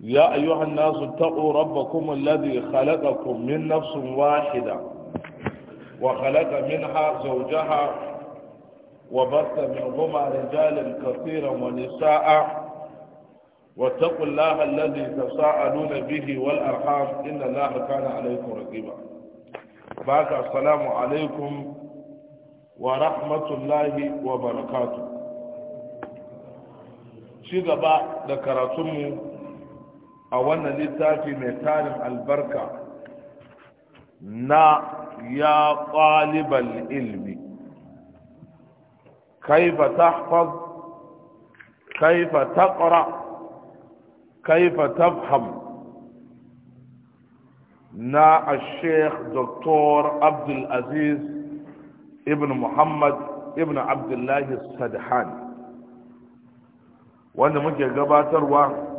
يا أيها الناس اتقوا ربكم الذي خلقكم من نفس واحدة وخلق منها زوجها وبث منهما رجالا كثيرا ونساء واتقوا الله الذي تساءلون به والأرحام إن الله كان عليكم رقيبا باك السلام عليكم ورحمة الله وبركاته شيء بعد ذكرتمه a wannan littafi mai tarin albarka na ya ƙaliban ilmi kaifa tahfaz kaifa taqra kaifa tafham na al-sheikh dr abdul aziz ibn muhammad ibn abdullahi sadhan wanda muke gabatarwa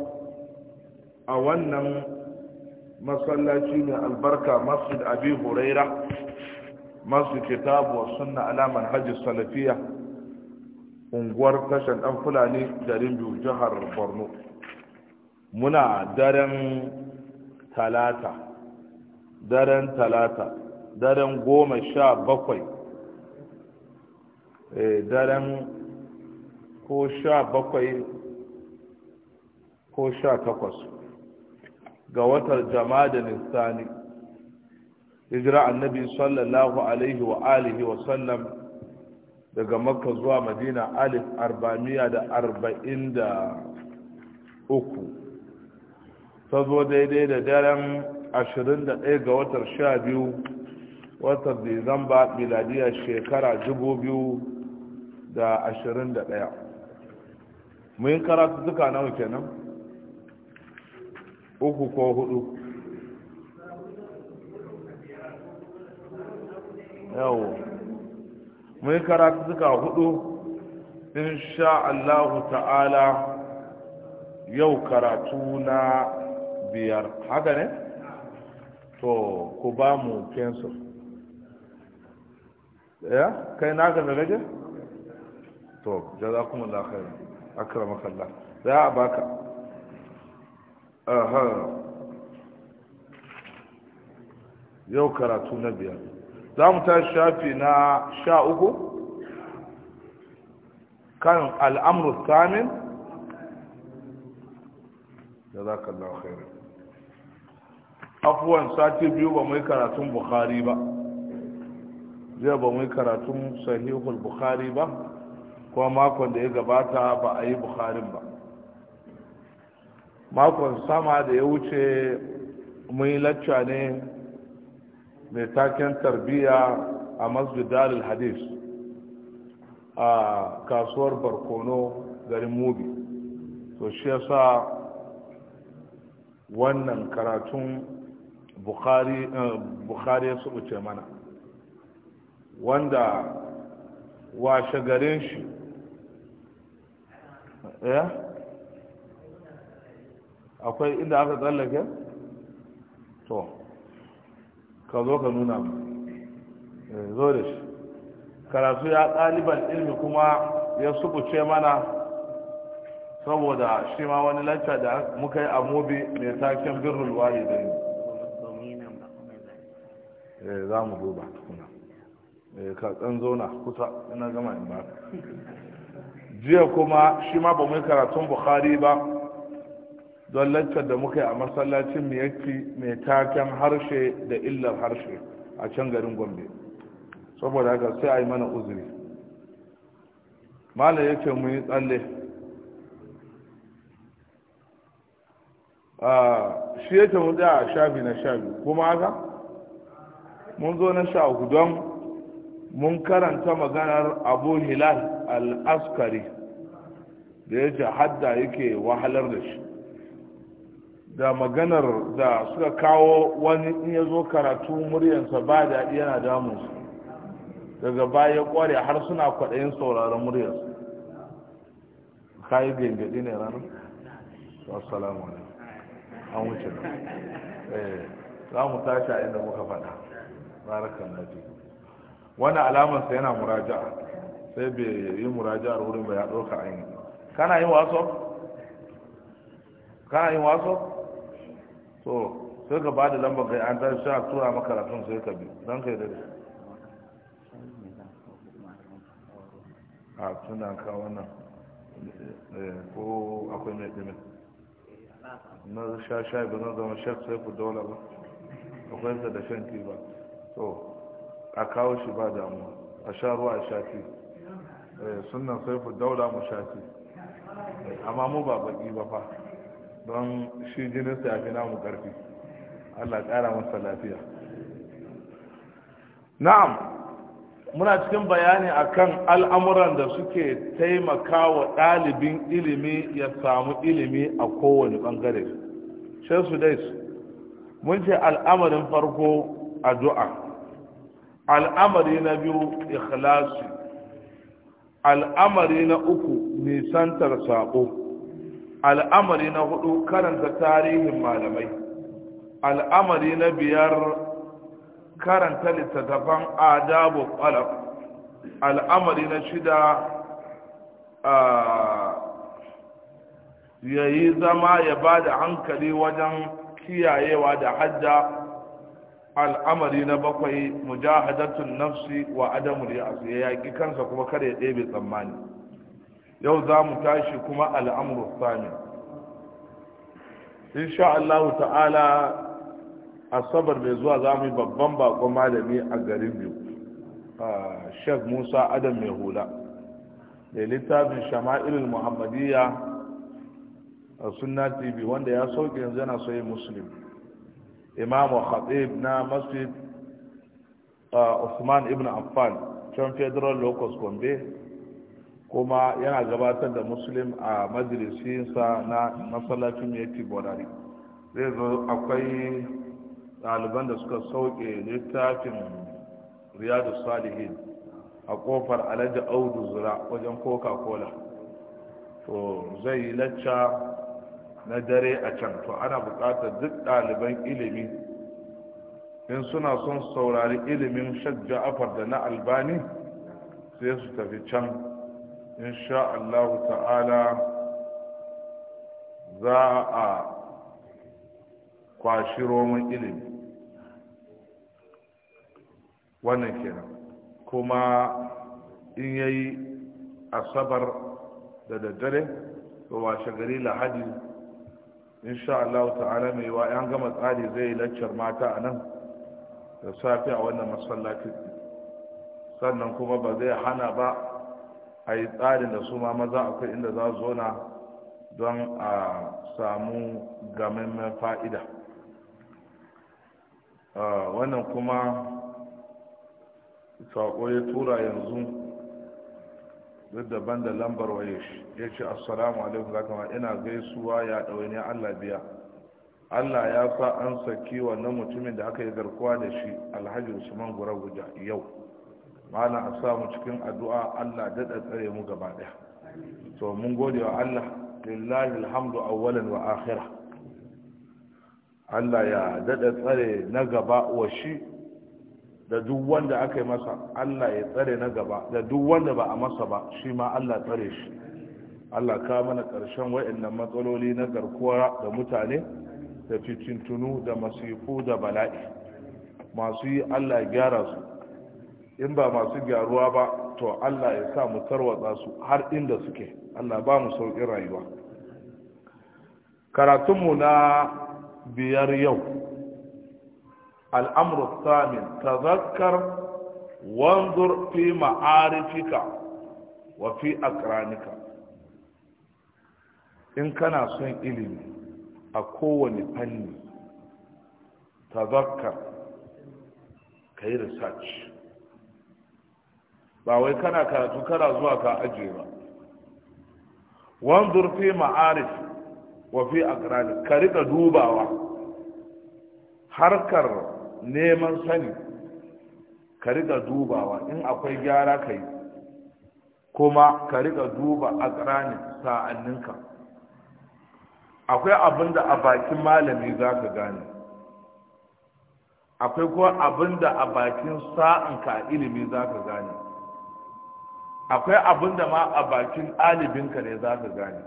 a wannan masallaci ne albarka masjid abi huraira masjid kitabu wa sunna alamar hajji salafiya unguwar tashar dan fulani garin biyu jihar borno muna daren talata daren talata daren goma sha bakwai eh, daren ko sha bakwai ko sha takwas ga watar jama'a nisani hijira annabi sallallahu alaihi wa alihi wa sallam daga makka zuwa madina alif arba'amiya da arba'in da uku ta zo daidai da daren ashirin da ɗaya ga watar sha biyu watar disamba miladiya shekara dubu biyu da ashirin da ɗaya mun karatu duka nawa kenan uku ko hudu yawo mun karatu suka hudu insha Allah ta'ala yau karatu na biyar haka ne to ku ba mu kensu ya kai na ga rage to jazakumullahu khairan akramaka Allah za a baka yau karatu na biyar za mu ta shafi na sha uku kan al'amru samin da za ka lafayar afuwan sati biyu ba mai karatun bukari ba zai ba mai karatun sahihul bukari ba kuma makon da ya gabata ba a yi bukarin ba makon sama da ya wuce mun lacca ne mai taken tarbiya a masjidar hadis a kasuwar barkono garin mubi to shi yasa wannan karatun bukhari eh, ya wuce mana wanda washe garin shi ya eh? akwai inda aka tsallake to ka zo ka nuna mu eh, zo da shi karatu ya ɗaliban ilmi kuma ya subuce mana saboda shi ma wani lacca da muka yi a mobi mai taken birnin wari da yi eh, za mu duba tukuna eh, ka tsan zauna kusa ina gama in ba jiya kuma shi ma ba mai yi karatun bukhari ba don lantar da muka yi a masallacin miyakki mai taken harshe da illar harshe a can garin gombe saboda haka sai a yi mana uzuri malam ya ce mu yi tsalle ah, shi ya ce mu tsaya a shafi na shafi kuma haka mun zo na sha uku don mun karanta maganar abu hilal al-askari da ya ce hadda yake wahalar da shi da maganar da suka kawo wani in ya zo karatu muryansa ba daɗi yana damunsu daga baya kware har suna kwaɗayin sauraron muryarsa kayi gangaɗi ne ranar assalamu alaikum an wuce da eh, za mu tashi a inda muka faɗa barakan nafi wani alamansa yana muraja'a sai bai yi muraja'ar wurin bai ya ɗauka ainihi kana yin waso kana yin waso so sai ka bada lambar kai an tashi sha tura maka karatun sai ka bi don kai dare a tuna ka wannan eh, ko akwai mai ɗimin na sha sha ibi na zama shek sai ku dole ba akwai sa da shan ba so a kawo shi ba damuwa a sha ruwa a sha ti eh, sunan sai ku daula mu sha ti amma mu ba baki ba fa don shi jininsa ya fi namu ƙarfi allah kara masa lafiya na'am muna cikin bayani akan al'amuran da suke taimaka wa ɗalibin ilimi ya samu ilimi a kowane ɓangare sai su dai mun ce al'amarin farko addu'a al'amari na biyu ikhlasi al'amari na uku nisantar saƙo al'amari na hudu karanta tarihin malamai al'amari na biyar karanta littattafan adabu qalab al'amari na shida yayi zama ya ba da hankali wajen kiyayewa da hajja al'amari na bakwai mujahadatun nafsi wa adamu ya yaki kansa kuma kada ya ɗebe tsammani yau za mu tashi kuma al'amuru sami insha Allah ta'ala asabar mai zuwa za mu yi babban bakon malami a garin biyu sheikh musa adam mai hula da littafin shama'ilul muhammadiyya a sunna tv wanda ya sauke yanzu yana soyi muslim imamu khatib na masjid usman ibn affan can federal locus gombe kuma yana gabatar da muslim a majalisinsa na masallacin yake bodari zai zo akwai ɗaliban da suka sauke littafin riyadu salihin a ƙofar alhaji audu zura wajen coca-cola to zai yi lacca na dare a can to ana buƙatar duk ɗaliban ilimi in suna son saurari ilimin shak da na albani sai su tafi can insha Allah ta'ala za a kwashi roman ilimi wannan kenan kuma in yayi asabar da daddare da washe gari lahadi insha Allah ta'ala mai wa yan gama tsari zai yi laccar mata a nan da safe a wannan masallacin sannan kuma ba zai hana ba a yi tsarin da su ma maza akwai inda za su zona don a samu gamemmen fa'ida wannan kuma sako ya tura yanzu duk daban da lambar waye shi ya ce assalamu alaikum za kama ina gaisuwa ya ne allah biya allah ya sa an saki wannan mutumin da aka yi garkuwa da shi alhaji usman guraguja yau malam a samu cikin addu'a Allah daɗa tsare mu gaba ɗaya to mun gode wa Allah lillahi alhamdu awwalan wa akhira Allah ya daɗa tsare na gaba wa shi da duk wanda aka yi masa Allah ya tsare na gaba da duk wanda ba a masa ba shi ma Allah tsare shi Allah ka mana ƙarshen wa'annan matsaloli na garkuwa da mutane da fitintunu da masifu da bala'i masu yi Allah gyara su in ba masu gyaruwa ba to Allah ya sa mu tarwatsa su har inda suke Allah ba mu sauƙin rayuwa karatunmu na biyar yau al'amru samin tazakkar wanzur fi ma'arifika wa fi akranika in kana son ilimi a kowane fanni tazakkar ka yi research ba wai kana karatu kana zuwa ka ajiye ba wanzur fi ma'arif wa fi aqrani ka rika dubawa harkar neman sani ka rika dubawa in akwai gyara ka yi kuma ka rika duba aqrani sa'anninka akwai abinda a bakin malami za ka gane akwai kuma abinda a bakin sa'anka ilimi za ka gane akwai abin da ma a bakin ɗalibinka ne za ka gane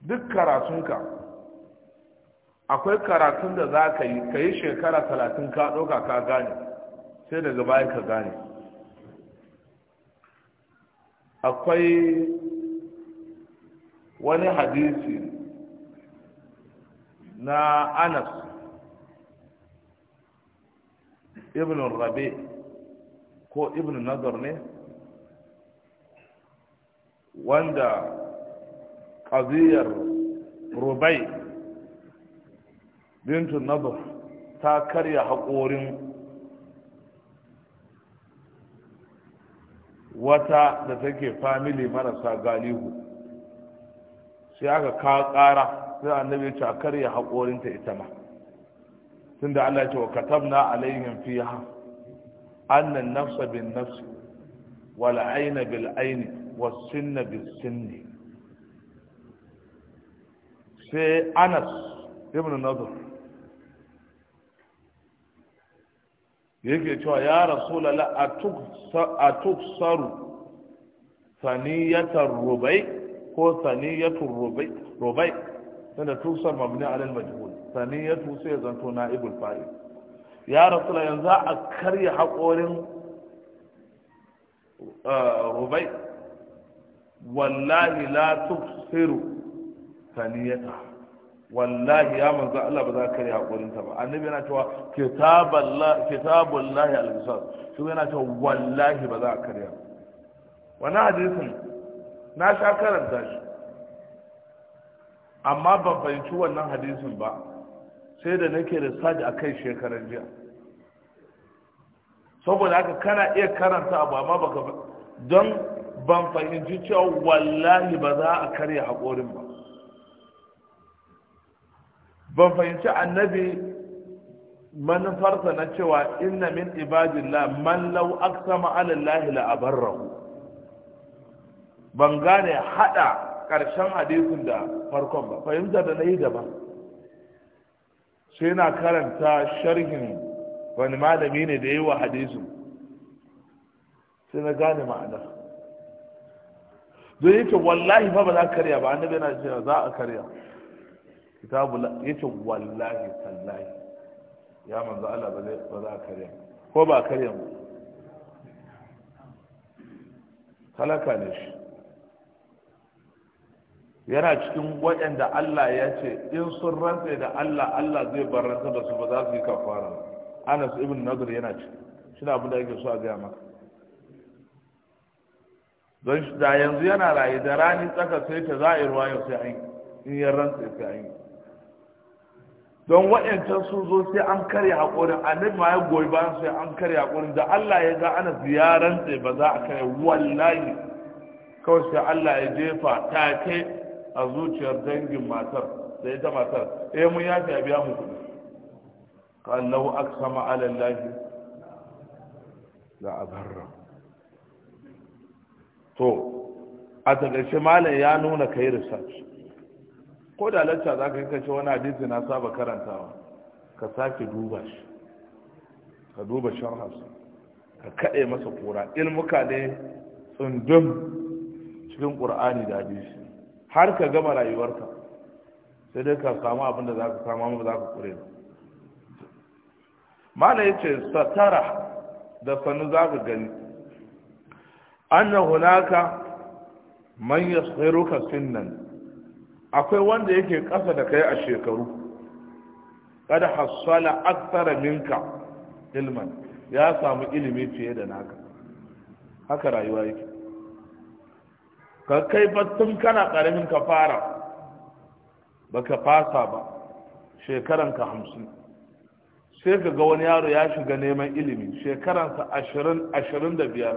duk karatunka akwai karatun da za ka yi ka yi shekara talatin ka ɗauka ka gane sai daga bayan ka gane akwai wani hadisi na anas ibn rabi' ko ibn nazar ne wanda ƙaziyar rubai bintu nazar ta karya haƙorin wata da take famili marasa galihu sai aka kawo ƙara sai annabi ta a karya haƙorinta ita ma tunda Allah ya ce wa katabna alaihim fiha أن النفس بالنفس والعين بالعين والسن بالسن في أنس ابن النظر يقول يا رسول الله أتكسر ثنية الربيع هو ثنية الربيع ربيع هنا تكسر مبني على المجهول ثنية سيزن تنائب الفائل ya rasula yanzu a karya haƙorin rubai eh, wallahi la tufsiru saniyata wallahi ya manzo Allah ba za ka karya haƙorin ta ba annabi yana cewa kitabullahi al-qisas shi yana cewa wallahi ba za ka karya wannan hadisin na sha karanta shi amma ban fahimci wannan hadisin ba sai da nake da saji a kai shekaran jiya saboda haka kana iya karanta abu amma baka don ban fahimci cewa wallahi ba za a karya haƙorin ba ban fahimci annabi manufarsa na cewa inna min ibadillah man law aqsama ala allahi la abarrahu ban gane haɗa ƙarshen hadisin da farkon ba fahimtar da nayi daban sai na karanta sharhin wani malami ne da yi wa sai na gane ma'ana don yake wallahi fa ba za a karya ba annabi yana cewa za a karya kitabu yake wallahi tallahi ya manzo Allah ba za a karya ko ba a karya ba halaka ne shi yana cikin waɗanda Allah ya ce in sun rantse da Allah Allah zai barantar da su ba za su yi kafara Anas ibn Nadir yana ci shi na abin da yake so a gaya maka don da yanzu yana rayu da rani tsaka sai ta za a yi ruwa yau sai an in ya rantse sai an yi don waɗancan sun zo sai an karya haƙorin annabi ma ya goyi bayan sai an karya haƙorin da Allah ya ga anas ya rantse ba za a kai wallahi kawai sai Allah ya jefa take a zuciyar dangin matar da ita matar eh mun ya a biya mu kuɗi kallahu aksama ala lahi la abarra to a takaice malam ya nuna kai research ko da lacca za ka yi kace wani hadisi na saba karantawa ka sake duba shi ka duba sharhasa ka kaɗe masa kura ilmuka ne tsundum cikin qur'ani da hadisi har ka gama rayuwarka sai dai ka samu abin da za ka samu ba za ka kure ba mana ya ce satara da sannu za ka gani an na hunaka man ya tsiruka sinnan akwai wanda yake kasa da kai a shekaru kada hassala aksara minka ilman ya samu ilimi fiye da naka haka rayuwa yake ka kai fa tun kana karamin ka fara ba ka fasa ba shekaran ka hamsin sai ka ga wani yaro ya shiga neman ilimi shekaransa ashirin ashirin da biyar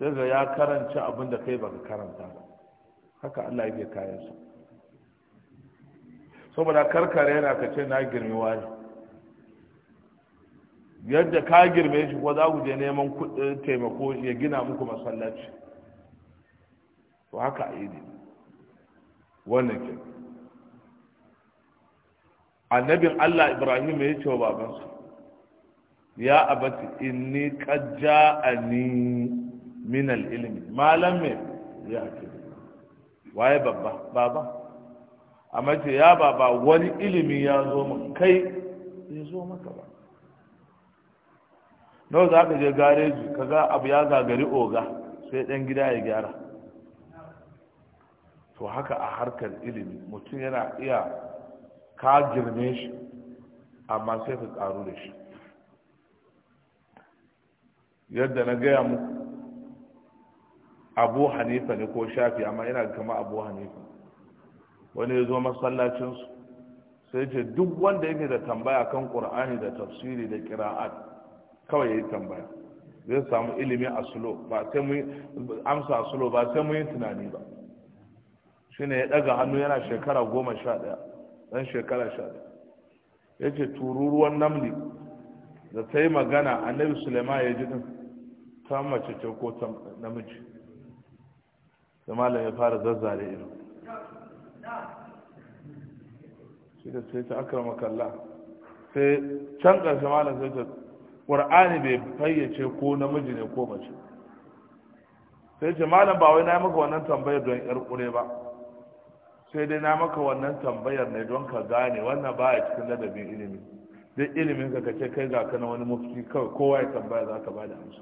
sai ga ya karanci abin da kai baka karanta ba haka Allah yake kayansa saboda karkare yana ka ce na girmi wani yadda ka girme shi ko za ku je neman taimako ya gina muku masallaci to haka a yi ne wannan ke annabin allah ibrahim ya ce wa babansu ya abati inni qad a min al ilimi malam me ya ce waye babba baba a ce ya baba wani ilimi ya zo min kai ya zo maka ba nawa za ka je gareji ka ga abu ya gagari oga sai dan gida ya gyara to haka a harkar ilimi mutum yana iya ka girme shi amma sai ka karu da shi yadda na gaya muku abu hanifa ne ko shafi amma yana kama abu hanifa wani ya zo masallacinsu sai ce duk wanda yake da tambaya kan ƙur'ani da tafsiri da kira'at kawai ya yi tambaya zai samu ilimi a sulo ba sai mun amsa a sulo ba sai mun yi tunani ba shine ya daga hannu yana shekara goma sha ɗaya ɗan shekara sha ɗaya ya ce tururuwan namli da ta yi magana annabi suleiman ya ji din ta mace ce ko ta namiji da malam ya fara zazzare ido shi da sai ta akrama kalla sai can ƙarshe malam sai ta ƙur'ani bai fayyace ko namiji ne ko mace sai ce malam ba wai na yi maka wannan tambayar don yar ƙure ba sai dai na maka wannan tambayar ne don ka gane wannan ba a cikin ladabin ilimi duk ilimin ka kace kai ga kana wani mufti kawai kowa ya tambaya za ka ba da amsa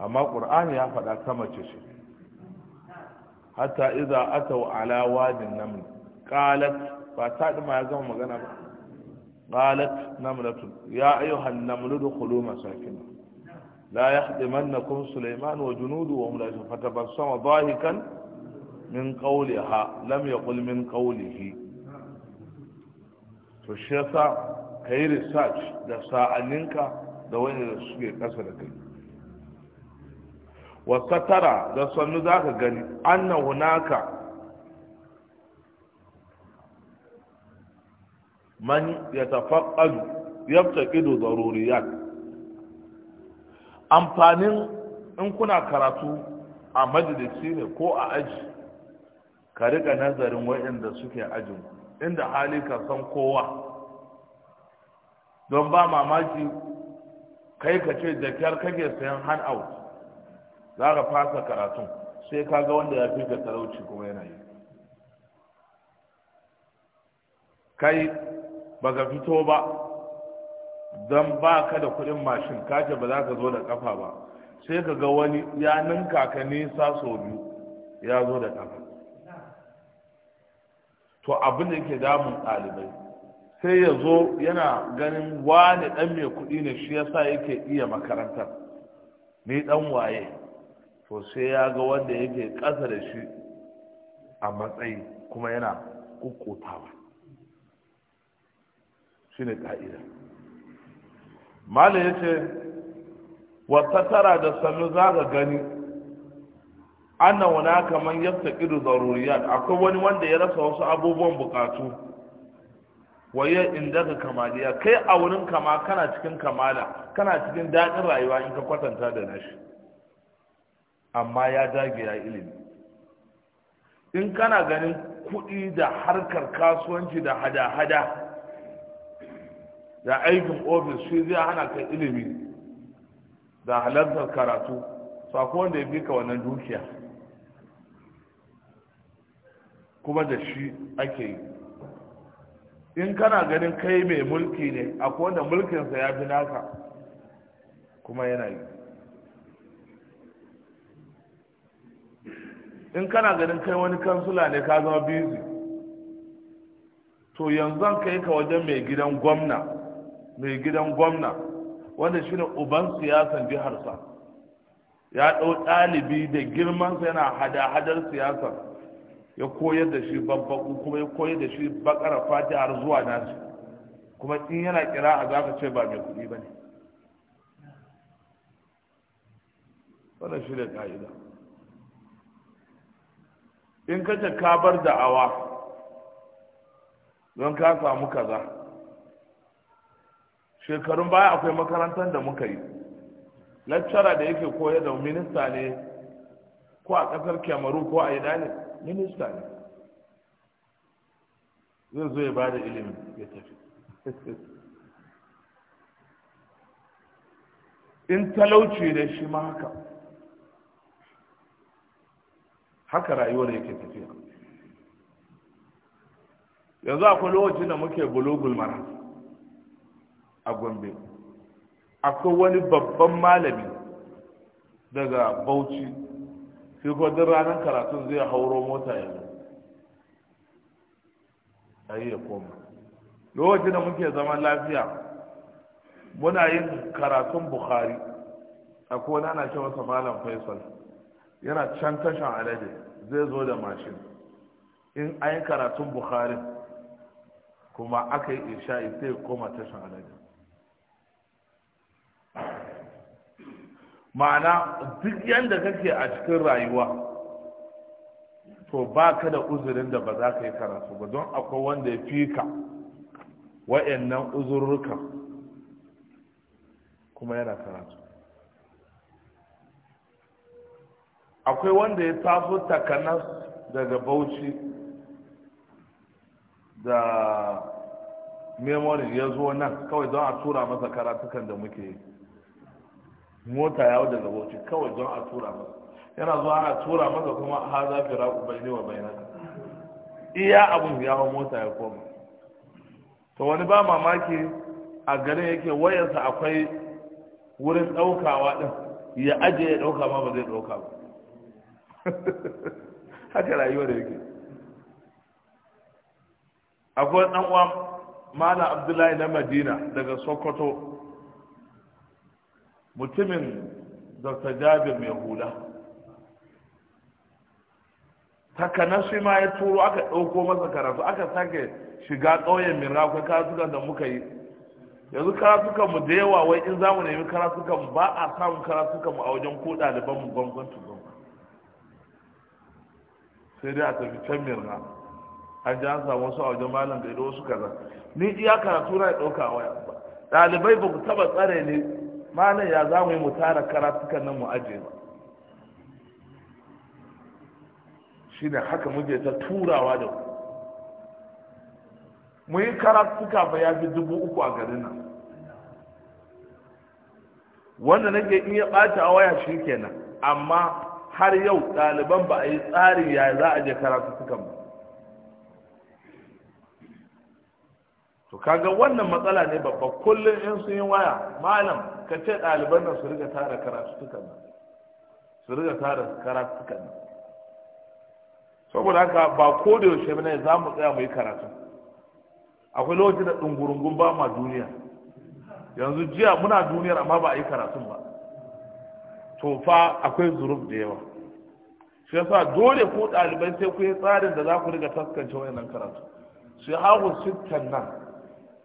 amma qur'ani ya faɗa sama ce shi hatta idza atau ala wadin naml qalat ba ta dima ya zama magana ba ya ayuha نملة يا أيها النمل ادخلوا مساكنا sulaiman wa junudu wa hum la yafatabassama ضاحكا min qawliha lam yaqul min qawlihi to shi yasa yi research da sa'aninka da wani da suke kasa da kai Wasu tara da sannu za ka gani an na hunaka man ya tafaƙalu ya taƙido zaruriyar amfanin in kuna karatu a majalisi ne ko a aji ka rika nazarin waɗanda suke ajin inda hali ka san kowa don ba mamaki kai ka ce jakiyar kake sayan hand out za ka fasa karatun sai ka ga wanda ya fi ka talauci kuma yana yi kai ba ka fito ba don ba ka da kudin mashin kace ba za ka zo da kafa ba sai ka ga wani ya ninka ka nisa sau biyu ya zo da kafa to abin da yake damun ɗalibai sai ya zo yana ganin wani ɗan mai kuɗi ne shi yasa yake iya makarantar ni ɗan waye to sai ya ga wanda yake ƙasa da shi a matsayi kuma yana kukutawa shi ne ƙa'ida malam ya ce wata tara da sannu za ka gani anna wana kaman yaftaqidu daruriyat akwai wani wanda ya rasa wasu abubuwan bukatu waye daga kamaliya kai a wurin kama kana cikin kamala kana cikin daɗin rayuwa in ka kwatanta da nashi amma ya dage ya ilimi in kana ganin kuɗi da harkar kasuwanci da hada-hada da aikin ofis shi zai hana kai ilimi da halartar karatu sako wanda ya fi ka wannan dukiya kuma da shi ake yi in kana ganin kai mai mulki ne akwai wanda mulkinsa ya fi naka kuma yana yi in kana ganin kai wani kansula ne ka zama bizi to yanzu kai ka wajen mai gidan gwamna mai gidan gwamna wanda ne uban siyasan jiharsa ya ɗau ɗalibi da girmansa yana hada-hadar siyasar ya koyar da shi babbaku kuma ya koyar da shi bakara fatiha har zuwa nasu kuma in yana kira a zaka ce ba mai kuɗi ba ne wannan shi ne ka'ida in ka ce ka bar awa don ka samu kaza shekarun baya akwai makarantar da muka yi lecturer da yake koyar da minista ne ko a kasar kyamaru ko a yi ne minista ne zai zo ya ba da ilimin ya tafi in talauci ne shi ma haka haka rayuwar yake tafiya yanzu akwai lokacin da muke bulugul mara a gombe akwai wani babban malami daga bauchi shi ko duk ranar karatun zai hauro mota ya zo yi ya koma lokacin da muke zaman lafiya muna yin karatun bukhari A wani na, ce masa malam faisal yana can tashan alade zai zo da mashin in an yi karatun bukhari kuma aka yi isha'i sai koma tashan alade ma'ana duk yadda kake a cikin rayuwa to ba ka da uzurin da ba za ka yi karatu ba don akwai wanda ya fi ka wa'annan uzurruka kuma yana karatu akwai wanda ya taso takanas daga bauchi da memory ya zo nan kawai don a tura masa karatukan da muke yi mota ya wuce daga bauchi kawai don a tura masa yana zuwa ana tura masa kuma ha za fi raku bai ne wa bai naka iya abun ya hau mota ya koma to wani ba mamaki a garin yake wayarsa akwai wurin ɗaukawa ɗin ya aje ya ɗauka ma ba zai ɗauka ba haka rayuwa da yake akwai ɗan uwa mana abdullahi na madina daga sokoto mutumin dr jabir mai hula takanar shi ma ya turo aka ɗauko masa karatu aka sake shiga ƙauyen min rakwai karatukan da muka yi yanzu karatukan mu da yawa wai in za mu nemi karatukan ba a samun karatukan mu a wajen ko ɗaliban mu gwangwan tuban sai dai a tafi can mirna an ji an samu wasu a wajen malam da wasu kaza ni iya karatu na ɗauka waya ɗalibai ba ku taɓa tsare ne. malam ya za mu yi mu tara karatukan nan mu aje ba shi ne haka muke ta turawa da ku mu yi karatuka ba ya fi dubu uku a garin nan wanda nake in ya ɓata a waya shi kenan amma har yau ɗaliban ba a yi tsari ya za a je karatukan ba to kaga wannan matsala ne babba kullum in sun yi waya malam ka ce ɗaliban nan su riga tara karatu tukan nan su riga tara karatu tukan nan saboda haka ba ko da yaushe ne za mu tsaya mu yi karatu akwai lokacin da ɗungurungun ba ma duniya yanzu jiya muna duniyar amma ba a yi karatun ba to fa akwai zuruf da yawa shi yasa dole ko ɗalibai sai ku yi tsarin da za ku riga taskance wayannan karatu yi hagu sittan nan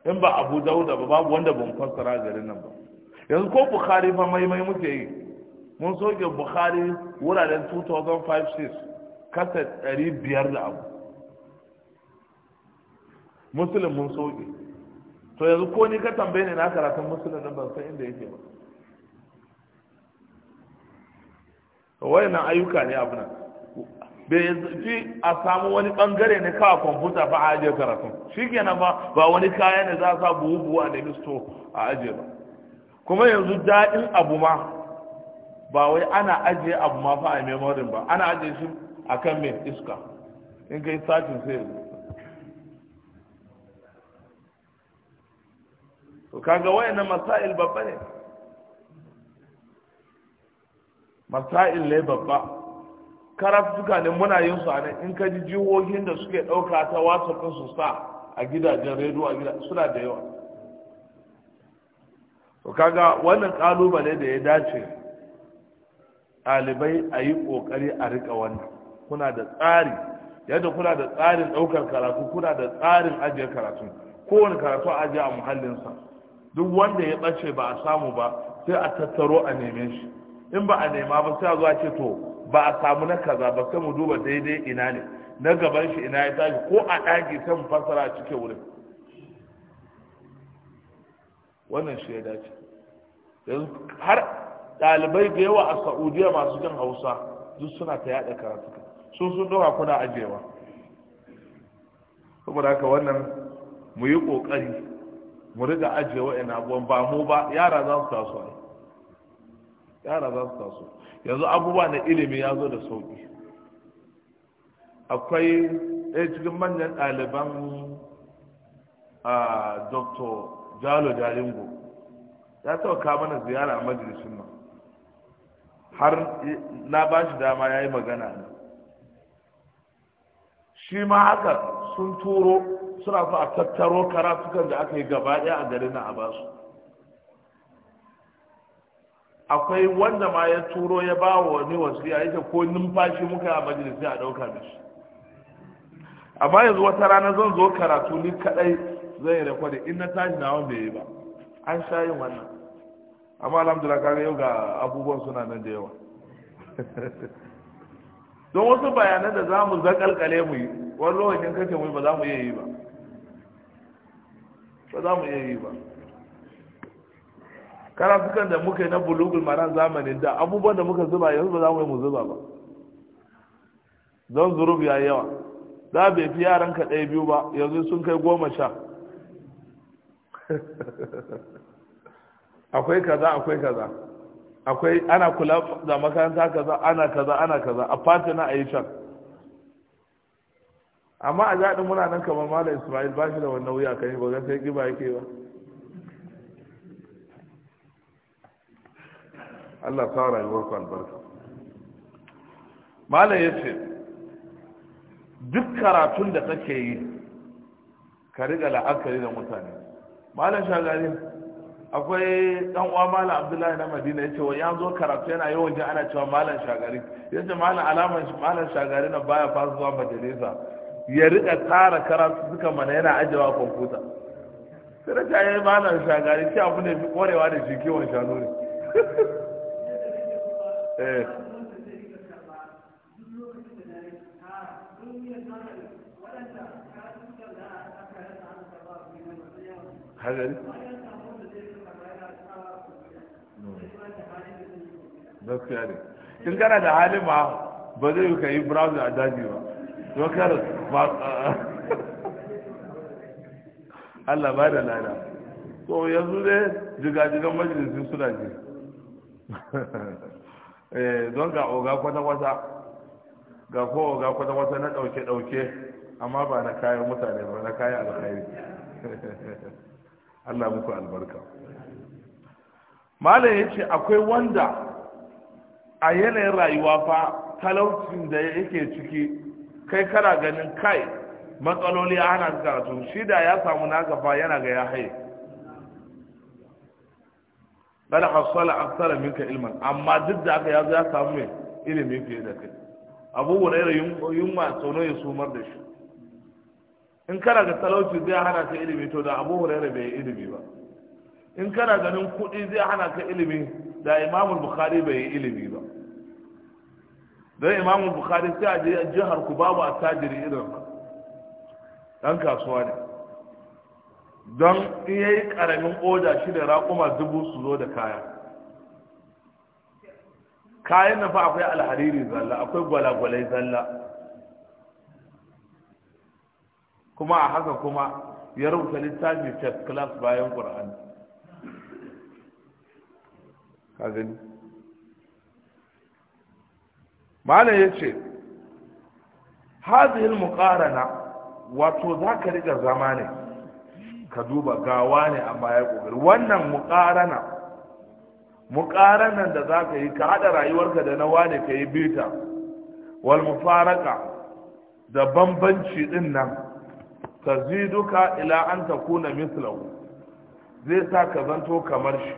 in ba abu dauda ba babu wanda ban fassara garin nan ba yanzu ko bukhari fa maimai muke yi mun soke bukhari wuraren 2005-6 kasa 500 da abu musulun mun soke to yanzu ko ni ka tambaye ne na karatun musulun nan ban san inda yake ba nan ayyuka ne abu nan bai fi a samu wani bangare ne kawai kwamfuta fa a ajiye karatun shi kenan ba ba wani kaya ne za a sa buhu buwa a nemi a ajiye ba kuma yanzu daɗin abu ma ba wai ana ajiye abu ma fa a memorin ba ana ajiye shi a kan mai iska in kai sacin sai yanzu to kaga wayannan masail babba ne masail ne babba karatuka ne muna yin su in ka ji jihohin da suke ɗauka ta wasa su sa a gidajen rediyo a gida suna da yawa to kaga wannan kalubale da ya dace ɗalibai a yi ƙoƙari a rika wannan kuna da tsari yadda kuna da tsarin ɗaukar karatu kuna da tsarin ajiye karatu kowane karatu a ajiye a muhallinsa duk wanda ya ɓace ba a samu ba sai a tattaro a neme shi in ba a nema ba sai a zuwa ce to ba a samu na kaza ba sai mu duba daidai ina ne na gaban shi ina ya tashi ko a ɗaki sai mu fassara a cike wurin wannan shi ya dace yanzu har dalibai da yawa a saudiya masu jin hausa duk suna ta yada karatu sun sun dora kuna ajewa saboda haka wannan mu yi ƙoƙari mu riga ajewa in abuwan ba mu ba yara za su taso yara za su taso yanzu abubuwa na ilimi ya zo da sauƙi akwai ɗaya cikin manyan ɗaliban a ah, dr jalo jalingo ya taɓa ka mana ziyara a majalisun nan har na ba shi dama ya yi magana ne shi ma haka sun turo suna so a tattaro karatukan da aka yi gaba ɗaya a garin a ba su. akwai wanda ma ya turo ya ba wa wani wasiya yake ko numfashi muka a majalisi a ɗauka da shi amma yanzu wata rana zan zo karatu ni kaɗai zan yi rekodin in na tashi na wanda ya yi ba an sha yin wannan amma alhamdulillah kaga yau ga abubuwan suna nan da yawa don wasu bayanan da za mu zakalkale mu yi wani lokacin kace mu ba za mu iya yi ba ba za mu iya yi ba karatukan da muka yi na bulugul maran zamanin da abubuwan da muka zuba yanzu ba za mu yi mu zuba ba don zurub ya yawa za bai fi yaran ka ɗaya biyu ba yanzu sun kai goma sha akwai kaza akwai kaza akwai ana kula da makaranta kaza ana kaza ana kaza a fata na a yi can amma a zaɗin muna nan kamar mala ismail ba shi da wannan wuya kan yi ba sai giba yake ba Allah sa rayuwar ku albarka malam ya ce duk karatun da kake yi ka riga la'akari da mutane malam shagari akwai dan uwa malam abdullahi na madina ya ce ya zo karatu yana yi waje ana cewa malam shagari ce malam alaman malam shagari na baya fa zuwa majalisa ya rika tsara karatu suka mana yana ajewa kwamfuta sai da ta yi malam shagari shi abu ne fi korewa da shi kiwon shanu ne eh hagari gaskiya ne in kana da hali ba ba zai yi ka yi browser a daji ba don kare ba Allah ba da lada so yanzu dai jigajigan majalisun suna ji eh, don ga oga kwata-kwata ga ko oga kwata-kwata na ɗauke-ɗauke amma ba na kayan mutane ba na kayan alkhairi Allah muku albarka malam ya ce akwai wanda a yanayin rayuwa fa talaucin da yake ciki kai kana ganin kai matsaloli ana hana karatu shi da ya samu na gaba yana ga ya haye kada hasala aksara minka ilman amma duk da aka yazo ya samu mai ilimin fiye da kai abu huraira yunwa tsono ya sumar da shi in kana ga talauci zai hana ka ilimi to da abu huraira bai ilimi ba in kana ganin kuɗi zai hana ka ilimi da imamul bukhari bai yi ilimi ba don imamu bukhari sai a je jihar ku babu a tajiri irin dan kasuwa ne don in yayi karamin oda shi da raƙuma dubu su zo da kaya kayan nafa akwai alhariri zalla akwai gwalagwalai zalla kuma a haka kuma ya rubuta littafi chess class bayan ƙur'ani ka gani malam ya ce hazihil muqarana wato za ka riga zama ne ka duba gawa ne a ya kokari wannan muqarana muqaranan da za ka yi ka haɗa rayuwarka da na wane ka yi bita wal mufaraka da bambanci din nan ka ziduka ila an ta kuna mislahu zai sa ka zanto kamar shi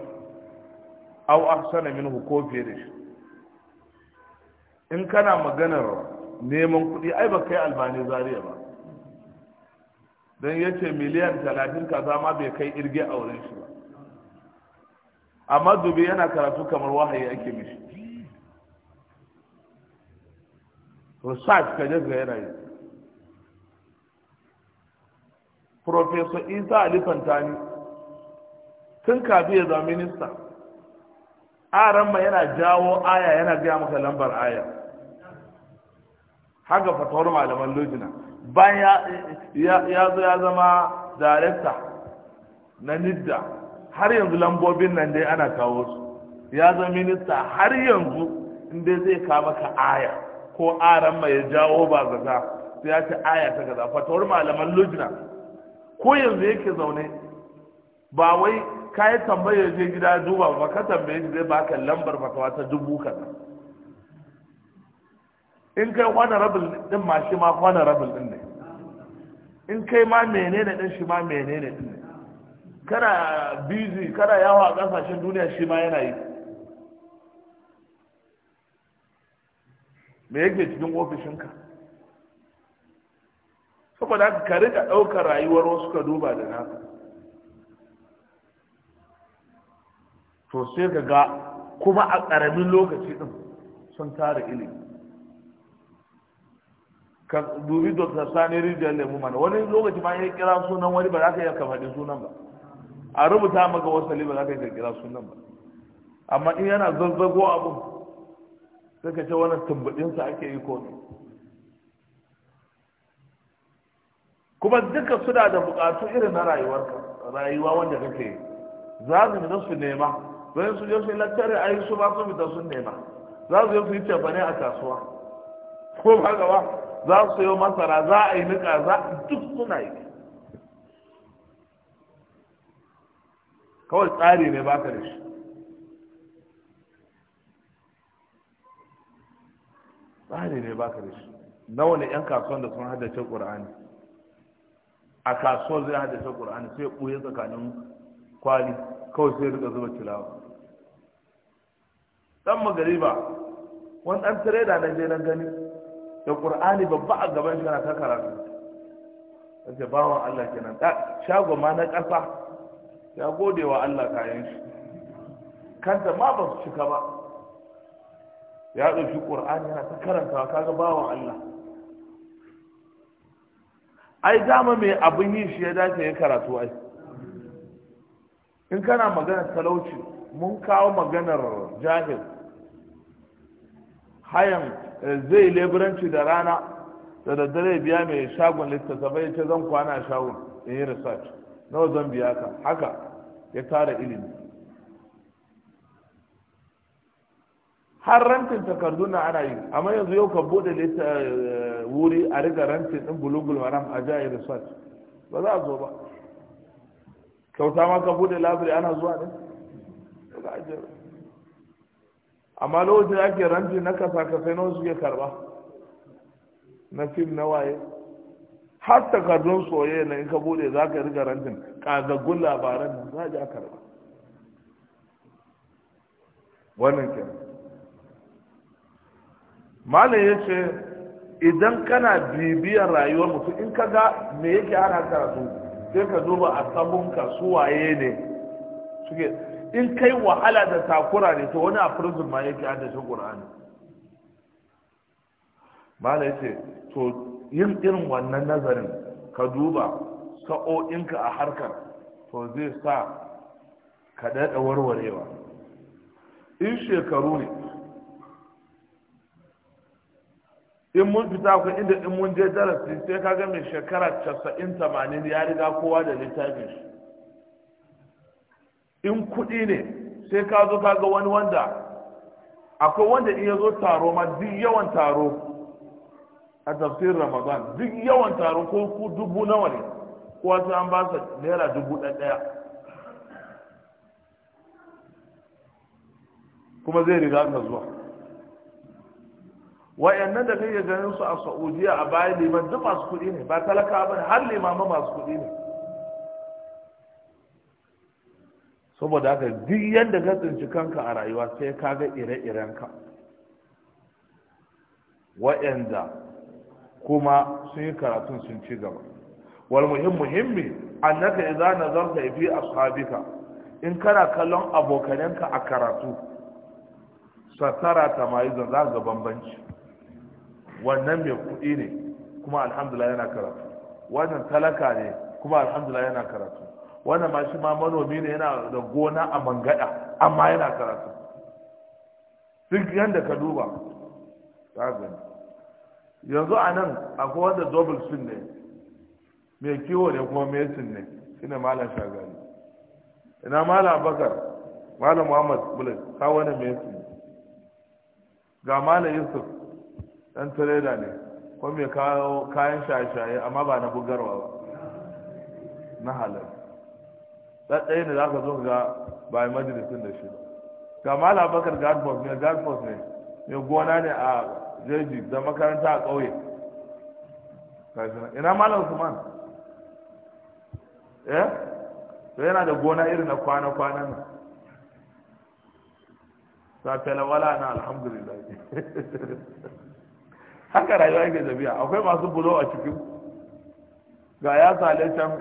au ahsana minhu ko fiye da shi in kana maganar neman kuɗi ai ba kai albani zariya ba don ya ce miliyan talatin kaza ma bai kai irge a wurin shi ba amma dubi yana karatu kamar wahayi ake mishi research ka je ga yana yi professor isa alifantani tun kafi ya zama minista aran ma yana jawo aya yana gaya maka lambar aya haka fatawar malaman lojina bayan ya zo ya zama darekta na nidda har yanzu lambobin nan dai ana kawo su ya zama minista har yanzu inda zai ka maka aya ko aran ma ya jawo ba zata sai ya ce aya ta gaza fatawar malaman lojina ko yanzu yake zaune ba wai ka yi zai je gida duba ba ka tambaye shi zai baka lambar fatawa ta dubu kaza in kai honorable din ma shi ma honorable din ne in kai ma menene din shi ma menene din ne kana busy kana yawo a kasashen duniya shi ma yana yi me yake cikin ofishinka saboda ka rika ɗaukar rayuwar wasu ka duba da naka to sai ka ga kuma a ƙaramin lokaci ɗin sun tara ilimi ka dubi dr sani rijiyar lemu mana wani lokaci ma ya kira sunan wani ba za ka iya kamfanin sunan ba a rubuta maka wasu ba za ka iya kira sunan ba amma in yana zazzago abu sai ka ce wani tumbudinsa ake yi ko kuma duka suna da bukatu irin na rayuwarka rayuwa wanda kake yi za su su nema don su je su yi lantare a yi su ba su fita sun nema za su je su yi cefane a kasuwa ko ba gaba za su yi masara za a yi nika za duk suna yi kawai tsari ne ka da shi tsari ne ka da shi nawa ne 'yan kasuwan da sun haddace ƙur'ani a kasuwar zai haddace ƙur'ani sai ɓuye tsakanin kwali kawai sai rika zuba tilawa dan magariba wani dan tireda na je na gani da qur'ani babba a gaban shi na ta karatu sai bawan Allah kenan da shago ma na kasa ya gode wa Allah kayan shi kanta ma ba su cika ba ya ɗauki ƙur'ani yana ta karanta kaga bawan Allah ai dama mai abin yi shi ya dace ya karatu ai in kana magana talauci mun kawo maganar jahil hayan eh, zai leburanci da rana da daddare biya mai shagon littattafai ya ce zan kwana shagon in yi research nawa zan biya ka haka ya tara ilimi har rantin takardu na ana yi amma yanzu yau ka bude eh, wuri a riga rantin din bulugul maram a ja yi research ba za a zo ba kyauta ma ka bude labiri ana zuwa ne amma lokacin ake ranci na kasa kasai nawa suke karba na fim na waye har takardun soyayya na in ka bude za ka riga rancin kagaggun labaran nan za a ji a karba wannan ke malam ya ce idan kana bibiyar rayuwar mutum in ka ga me yake ana karatu sai ka duba a sabon ka su waye ne in kai wahala da takura ne to wani a prison ma yake hada shi qur'ani mala yace to yin irin wannan nazarin ka duba sa'o'inka a harkar to zai sa ka daɗa warwarewa in shekaru ne in mun fita ku inda in mun je darasi sai ka ga mai shekara 90 80 ya riga kowa da littafin shi in kuɗi ne sai ka zo ka ga wani wanda akwai wanda in ya zo taro ma duk yawan taro a tafsirin ramadan duk yawan taro ko dubu nawa ne ko wasu an ba su naira dubu ɗaya kuma zai riga ka zuwa wayannan da kai ganin su a saudiya a bayan liman duk masu kuɗi ne ba talaka ba ne har limama masu kuɗi ne saboda haka duk yadda ka tsinci kanka a rayuwa sai ka ga ire-irenka wa'yanda kuma sun yi karatun sun ci gaba wal muhim muhimmi annaka idza nazarta fi ashabika in kana kallon abokanenka a karatu satara mai za ga bambanci wannan mai kuɗi ne kuma alhamdulillah yana karatu wannan talaka ne kuma alhamdulillah yana karatu wannan ma shi ma manomi ne yana da gona a mangada amma yana karatu duk yadda ka duba ta gani yanzu a nan akwai wanda double sun ne mai kiwo ne kuma mesin ne shi ne malam shagali ina malam Abakar? malam muhammad bulat ka wani mesin ne ga malam yusuf dan tireda ne kuma mai kayan shaye-shaye amma ba na bugarwa ba na halar ɗaɗɗaya ne za ka zo ga bayan majalisun da shi ga mala bakar gadfos ne gadfos ne mai gona ne a jeji da makaranta a ƙauye ina malam usman eh to yana da gona irin na kwana-kwana ne satala wala na alhamdulillah haka rayuwa yake tafiya akwai masu bulo a cikin ga ya sale can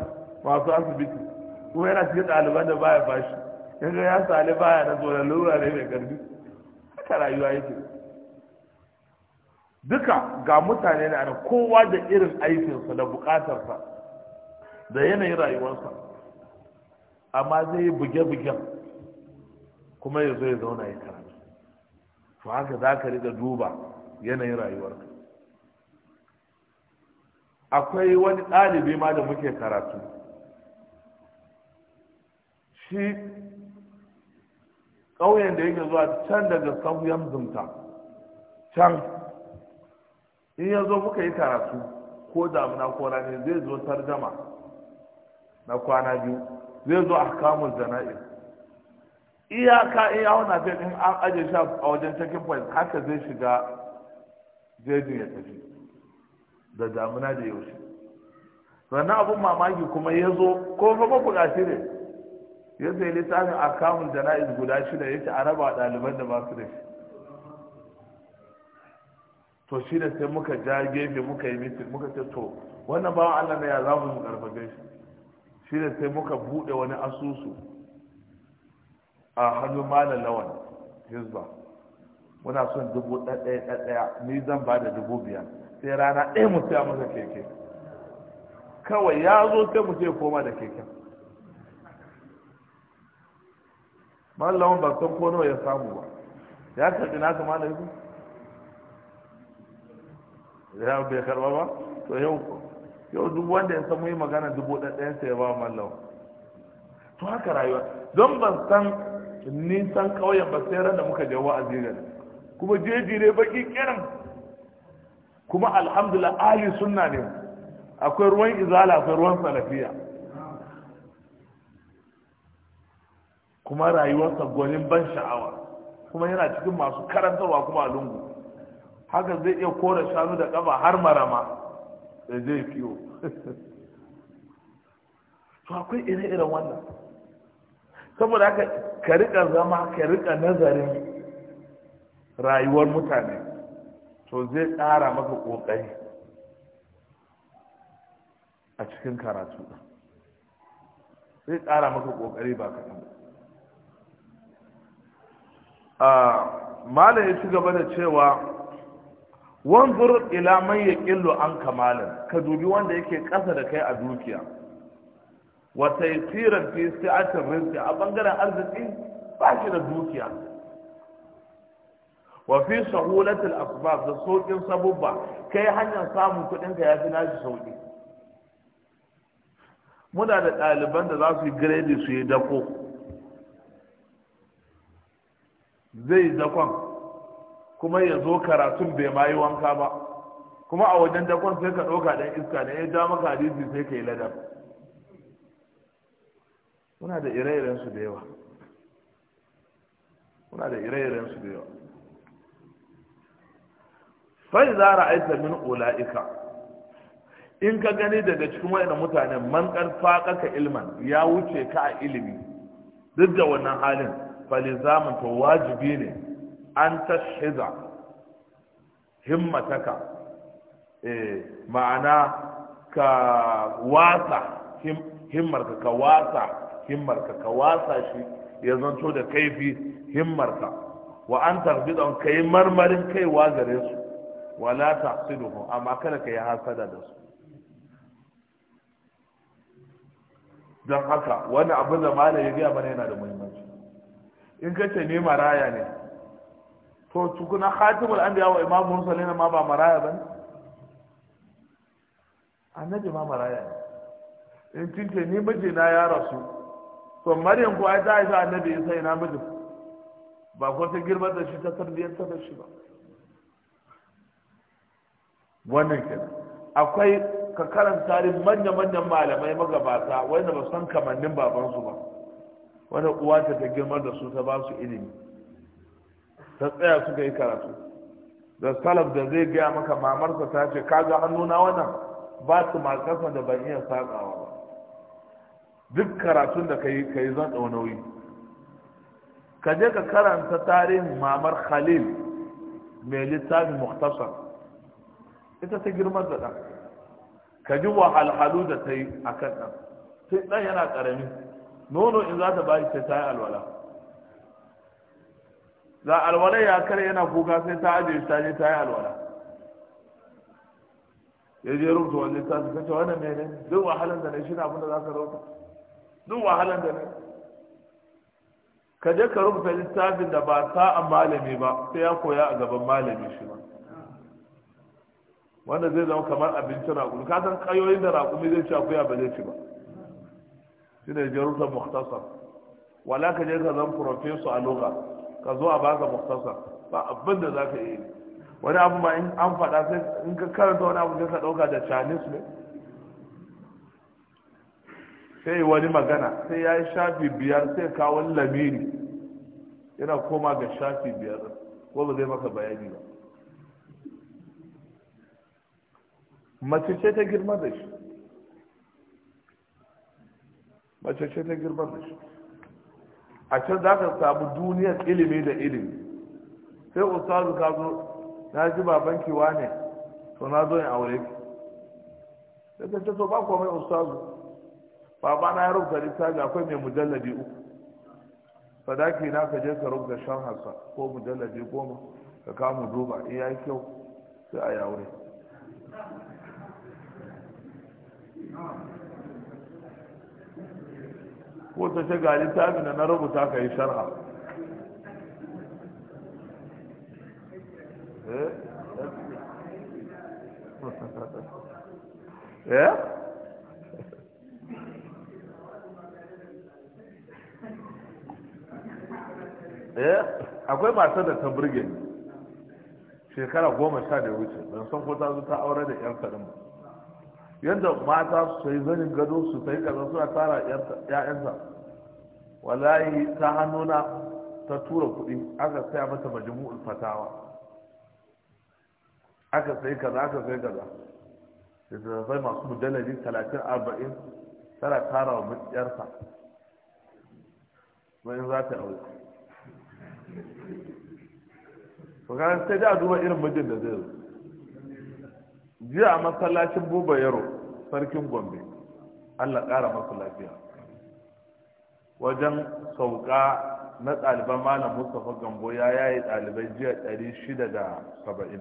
masu asibiti kuma yana cikin ɗaliban da baya bashi yanzu ya sale baya na zo da lura ne mai garbi haka rayuwa yake duka ga mutane na kowa da irin aikinsa da bukatarsa da yanayin rayuwarsa amma zai yi buge-bugen kuma ya zo ya zauna ya karatu to haka za ka riga duba yanayin rayuwarka akwai wani ɗalibi ma da muke karatu shi ƙauyen da yake zuwa can daga sauyan zunta can in ya zo muka yi karatu ko damuna ko rani zai zo tarjama na kwana biyu zai zo a kamun jana'in iyaka in yawon na in an aje shi a wajen cikin point haka zai shiga jejin ya tafi da damuna da yaushe sannan abin mamaki kuma ya zo ko fa mabukaci ne ya sai littafin kamun jana'iz guda shida ya ce a raba ɗaliban da masu da shi to shi da sai muka ja gefe muka yi mitin muka ce to wannan ba allah na ya za mu karfafe shi shi da sai muka buɗe wani asusu a hannun malam lawan hizba muna son dubu ɗaɗɗaya ɗaɗɗaya ni zan ba da dubu biyar sai rana ɗaya mu siya masa keke kawai ya zo sai mu ce koma da keken malamin ba san ko nawa ya samu ba ya karbi naka malami ku ya bai karba ba to yau yau duk wanda ya san mu yi magana dubu ɗaɗɗayan sai ya ba mallawa to haka rayuwa don ban san nisan ƙauyen ba sai ran da muka je wa'azi gari kuma jeji ne baki kiran kuma alhamdulillah ahli sunna ne akwai ruwan izala akwai ruwan salafiya kuma rayuwarsa gwanin ban sha'awa kuma yana cikin masu karantarwa kuma a lungu haka zai iya kora shanu da ƙafa har marama da zai fiyo to akwai ire-iren wannan saboda haka ka rika zama ka rika nazarin rayuwar mutane to zai ƙara maka ƙoƙari a cikin karatu zai ƙara maka ƙoƙari ba kaɗan malam ya ci gaba da cewa wanzur ila man yaqillu an kamalan ka dubi wanda yake ƙasa da kai a dukiya wa taysiran fi a rizqi a bangaren arziki ba shi da dukiya wa fi sahulatil asbab da sauƙin sabubba kai hanyar samun kuɗin ka fi nashi sauki muna da ɗaliban da za su yi giredi su yi dako zai dakon kuma ya zo karatun bai ma yi wanka ba kuma a wajen dakon sai ka ɗauka ɗan iska ne ya ja maka hadisi sai ka yi ladab muna da ire-iren su da yawa muna da ire-iren su da yawa fai za ra'aita min ula'ika in ka gani daga cikin wayannan mutanen man ƙarfa ka ilman ya wuce ka a ilimi duk da wannan halin falizamun to wajibi ne an tashiza himmataka eh, ma'ana ka wasa himmarka ka wasa himmarka ka wasa shi ya zanto da kaifi himmarka wa an tarbidan kai marmarin kaiwa gare su wala tahsiduhu amma kada ka yi hasada da su don haka wani abu da malam ya gaya mana yana da muhimmanci in ka ce ni maraya ne to tukuna khatimul anbiya wa imam mursalin ma ba maraya bane annabi ma maraya ne in kin ce ni miji na ya rasu to maryam ko ai ta aisha annabi isa ina miji ba ko ta girma da shi ta tarbiyar ta da shi ba wannan kenan akwai ka karanta manya-manyan malamai magabata wanda ba san kamannin babansu ba wadda uwa ta ta girmar da su ta ba su ilimi ta tsaya suka yi karatu da salaf da zai gaya maka mamarsa ta ce 'Ka kaga hannuna wannan ba su makasa da ban iya sakawa ba duk karatun da ka yi zan ɗau nauyi ka je ka karanta tarihin mamar khalil mai littafin muhtasar ita ta girmar da ɗan ka ji wahalhalu da ta yi a kan ɗan tun ɗan yana ƙarami nono in za ta bashi sai ta yi alwala za alwala ya kare yana kuka sai ta ajiye ta je ta yi alwala ya je rubuta wani littafi kace wannan ne ne duk wahalan da ne shi na abinda za ka rubuta duk wahalan da ne ka je ka rubuta littafin da ba sa'an malami ba sai ya koya a gaban malami shi ba wanda zai zama kamar abinci raƙumi ka san ƙayoyin da raƙumi zai ci akuya ba zai ci ba shi ne jarurta muktasar wala ka je ka zan profeso a loka ka zo a baka muktasar ba abin da za ka yi wani abu ma in an faɗa sai in ka karanta wani abu sai ka ɗauka da chinese ne sai wani magana sai ya yi shafi biyar sai kawo lamini yana koma ga shafi biyar ko ba zai maka bayani ba mace ce ta girma da shi mace ce ta girma da shi a can za ka samu duniyar ilimi da ilimi sai ustazu ka zo na ji baban kiwa ne to na zo in aure ki da ta so to ba mai ustazu baba na ya rubuta littafi akwai mai mujalladi uku Fadaki na ka je ka rubuta shan hasa ko mujalladi goma ka kama duba in ya yi kyau sai a yi aure ko ta ce ga littafi na na rubuta ka yi shar'a eh? Eh? eh akwai mata da ta burge shekara goma sha da wuce don san ko ta zo ta aure da 'yan kaɗan ba yadda mata su yi zanin gado su sai kaza suna tara ƴaƴansa wallahi ta hannuna ta tura kuɗi aka saya mata majmu'ul fatawa aka sai kaza aka sai kaza da zafai masu mujallali talatin arba'in tara tara wa mutsiyarsa wani za ta aure fukarar sai da duba irin mijin da zai jiya a masallacin buba yaro sarkin gombe allah ƙara masu lafiya wajen sauka na ɗaliban malam mustapha gambo ya yayi ɗalibai jiya 670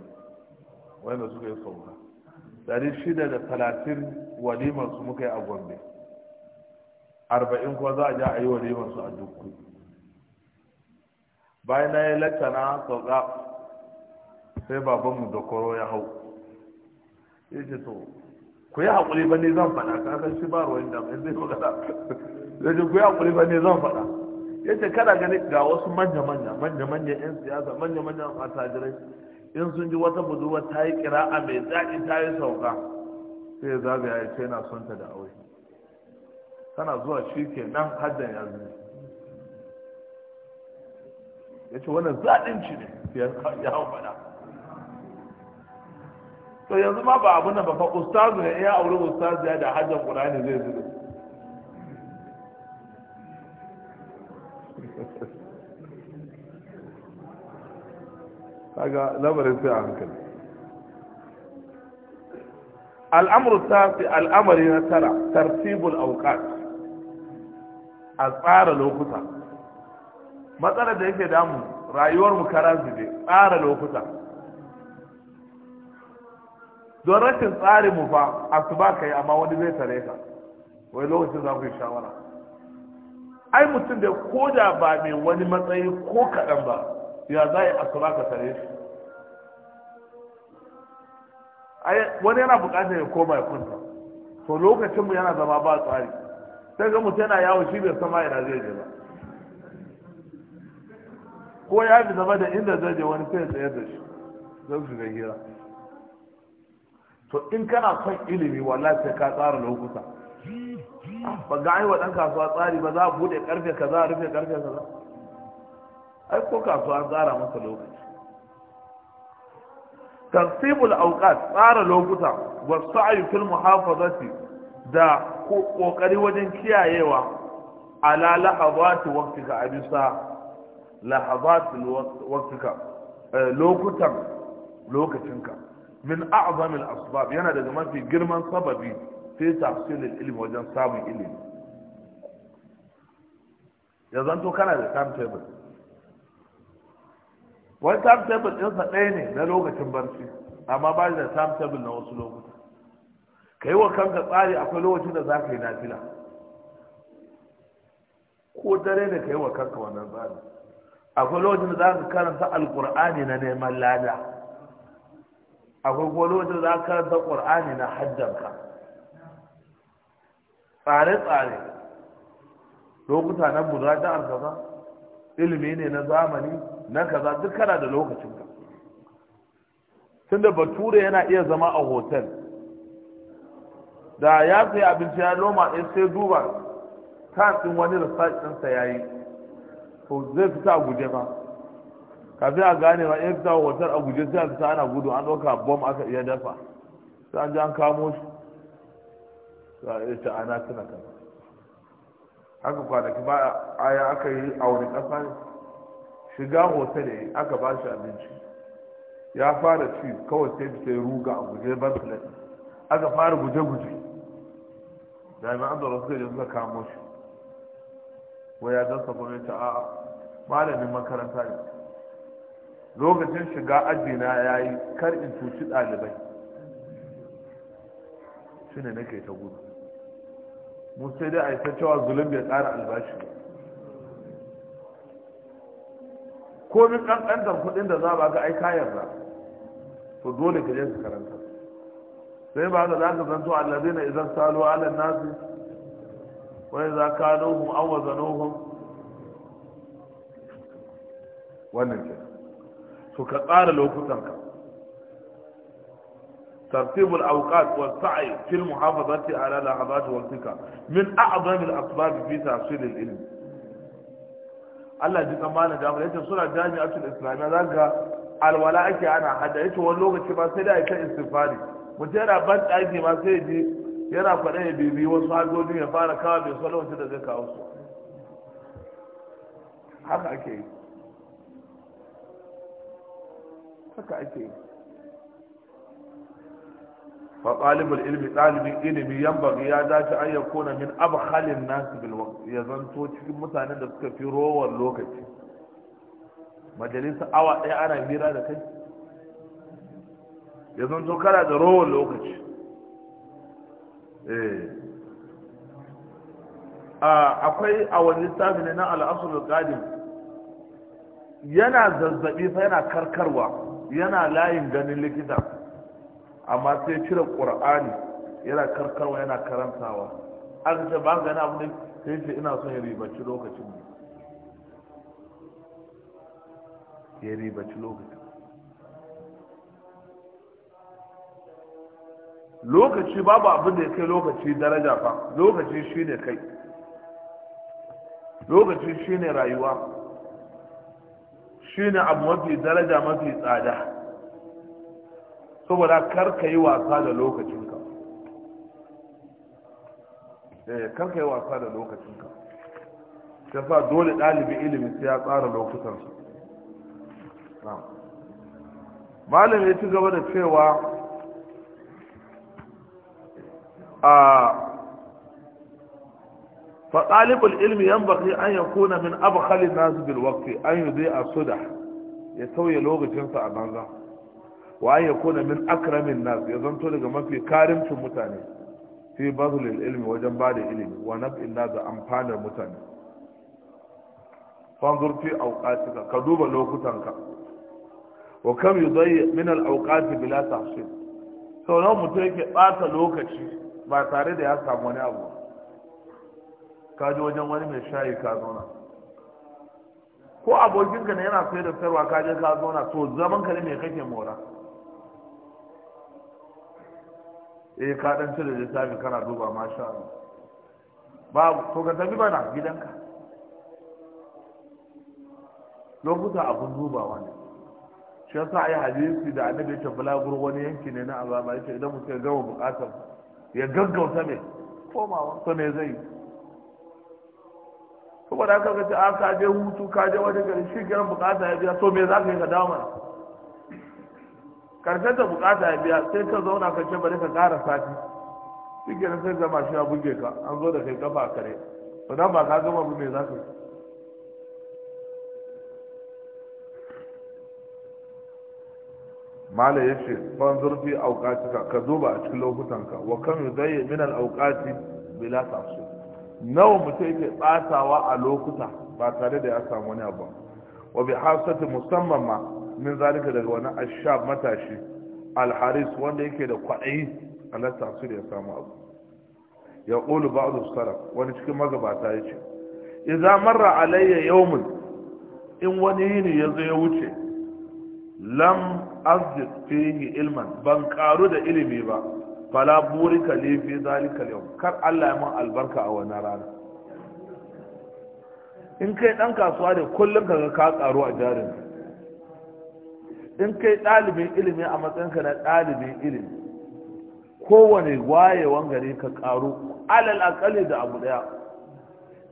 wanda suka yi sauka 630 talatin su muka yi a gombe 40 kuwa za a ja a yi walimarsu a dukku bayan na yi lacca na sauka sai babanmu da koro ya hau ya ce to ku yi haƙuri ba zan faɗa ka san shi ba ruwan da mai zai magana zai ku yi haƙuri ba ne zan faɗa ya ce gani ga wasu manya-manya manya-manya 'yan siyasa manya-manya matajirai in sun ji wata budurwa ta yi kira'a mai daɗi ta yi sauka sai ya zagaya ya ce yana son ta da aure tana zuwa to yanzu ma ba abin nan ba fa ustazu ne ya aure ustazu ya da hajjan qur'ani zai zuba kaga labarin sai a hankali al'amru tasi al'amari na tara tartibul awqat a tsara lokuta matsalar da yake damu rayuwar mu karan zube tsara lokuta don rashin tsari mu fa asuba yi amma wani zai tare ka wai lokacin za ku yi shawara ai mutum da ko da ba mai wani matsayi ko kaɗan ba ya za yi ba ka tare shi wani yana buƙatar ya koma ya kunta to lokacin mu yana zama ba tsari sai ga mutum yana yawo shi bai sama yana zai je ba ko ya fi zama da inda zai je wani sai ya tsayar da shi zai su ga hira to in kana son ilimi wallahi sai ka tsara lokuta ba ga ai wadan kasuwa tsari ba za a bude karfe kaza a rufe karfe kaza ai ko kasuwa an tsara masa lokaci tartibul awqat tsara lokuta wa sa'i fil muhafazati da kokari wajen kiyayewa ala lahazati waqtika abisa lahazati waqtika eh, lokutan lokacinka min a'zam al-asbab yana daga mafi girman sababi sai tahsil ilimi wajen samun ilimi ya zanto kana da timetable wani timetable sa ɗaya ne na lokacin barci amma ba da timetable na wasu lokuta ka yi wa kanka tsari akwai lokacin da za ka yi nafila ko dare ne ka yi wa kanka wannan tsari akwai lokacin da za ka karanta alkur'ani na neman lada akwai gwalojin za ka karanta ƙwar'ani na haddanka tsare-tsare lokuta na buradar kaza ilimi ne na zamani na kaza duk kana da lokacinka tunda bature yana iya zama a hotel da ya sayi abinci ya noma ɗin sai duba kan ɗin wani research ɗinsa ya yi to zai fita a guje ba kafi a gane ma yadda fita wutar a guje sai a fita ana gudu an ɗauka bom aka iya dafa sai an ji an kamo shi sai ta ana tuna kan haka kwanaki ba ya aka yi a wani ƙasa shiga hoto ne aka ba shi abinci ya fara ci kawai sai fita ruga a guje bar filet aka fara guje-guje Da jami'an da suka je suka kamo shi wai ya dasa gwamnati a malamin makaranta ne lokacin shiga ajina ya yi kar in cuci ɗalibai shi ne nake ta gudu mu sai dai a yi ta cewa zulun bai tsara albashi ba min ƙanƙantar kuɗin da za ba ga aika yarda to dole ka je su karanta sai ba ga za ka zanto na idan salo ala wani za ka kaluhum an wazanuhum wannan kenan to ka tsara lokutanka ترتيب الأوقات والسعي في المحافظة على لحظات وقتك من أعظم الأسباب في تحصيل العلم Allah ji tsammanin da amurka suna jami'atul islamiyya za al alwala ake ana hada yake wani lokaci ba sai da ita istifari mutum yana ban ɗaki ma sai ji yana faɗa ya bibi wasu hajjojin ya fara kawo bai da zai kawo haka ake yi haka ake yi fa ɗalibul ilmi ɗalibin ilimi yan bagi ya dace an yakuna min abhalin nas bil ya zanto cikin mutanen da suka fi rowar lokaci majalisa awa ɗaya ana mira da kai ya zanto kana da rowar lokaci eh. akwai a wani lissafi ne na al'asul qadim yana zazzabi fa yana karkarwa yana layin ganin likita amma sai cire ƙur'ani yana karkarwa yana karantawa aka ce ba gani abu ne sai ce ina son ya ribaci lokacin mu ya ribaci lokacin lokaci babu abin da ya kai lokaci daraja fa lokaci shine kai lokaci shine rayuwa ne abu mafi daraja mafi tsada saboda kar ka yi wasa da lokacinka eh, kar ka yi wasa da lokacinka ta sa dole ɗalibi ilimi sai ya tsara lokutansu malam ya ci gaba da cewa a fa talibul ilmi yanbaghi an yakuna min abkhali nas bil waqti an yudai asuda ya sauya lokacinsa a banza wa an yakuna min akramin nas ya zanto daga mafi karimcin mutane fi bazlil ilmi wajen bada ilimi wa nab'in nas amfanar mutane fanzur fi awqatika ka duba lokutanka wa kam yudai min al awqat bila tahsil sau nawa mutum yake ɓata lokaci ba tare da ya samu wani abu ka wajen wani mai shayi ka zauna ko abokinka ne yana sai da sarwa kaji ka zauna to zaman ka ne mai kake mora eh ka dan cire lissafi kana duba masha Allah babu to ka tafi bana gidanka lokuta abun duba ne shi yasa ai hadisi da annabi ya balagur wani yanki ne na azaba yace idan mutum ya gama bukatar ya gaggauta ne komawa to ne zai yi saboda haka ka ce a ah, ka je hutu ka je wani gari shi kiran bukata ya biya so me za ka yi ka dawo mana karshen ta bukata ya biya sai ka zauna ka ce bari ka kara sati shi kiran sai zama shi ya buge ka an zo da kai kafa a kare to nan ba ka gama ba me za ka yi mala ya ce ban zurfi aukatuka ka ba a cikin lokutanka wa kan yi min al auqati bila tafsu nawa mutum yake tsatawa a lokuta ba tare da ya samu wani abu wa bi hasati musamman ma min zalika daga wani ashab matashi alharis wanda yake da kwaɗayi alasta su da ya samu abu ya ƙulu su salaf wani cikin magabata ya ce idza marra alayya yawmun in wani yini ya zo ya wuce lam azid fihi ilman ban karu da ilimi ba fala burika li fi zalika yau kar Allah ya mun albarka a wannan rana in kai dan kasuwa ne kullum kaga ka tsaro a jarin in kai ɗalibin ilimi a matsayinka na ɗalibin ilimi kowane wayewan gare ka ƙaru alal akali da abu ɗaya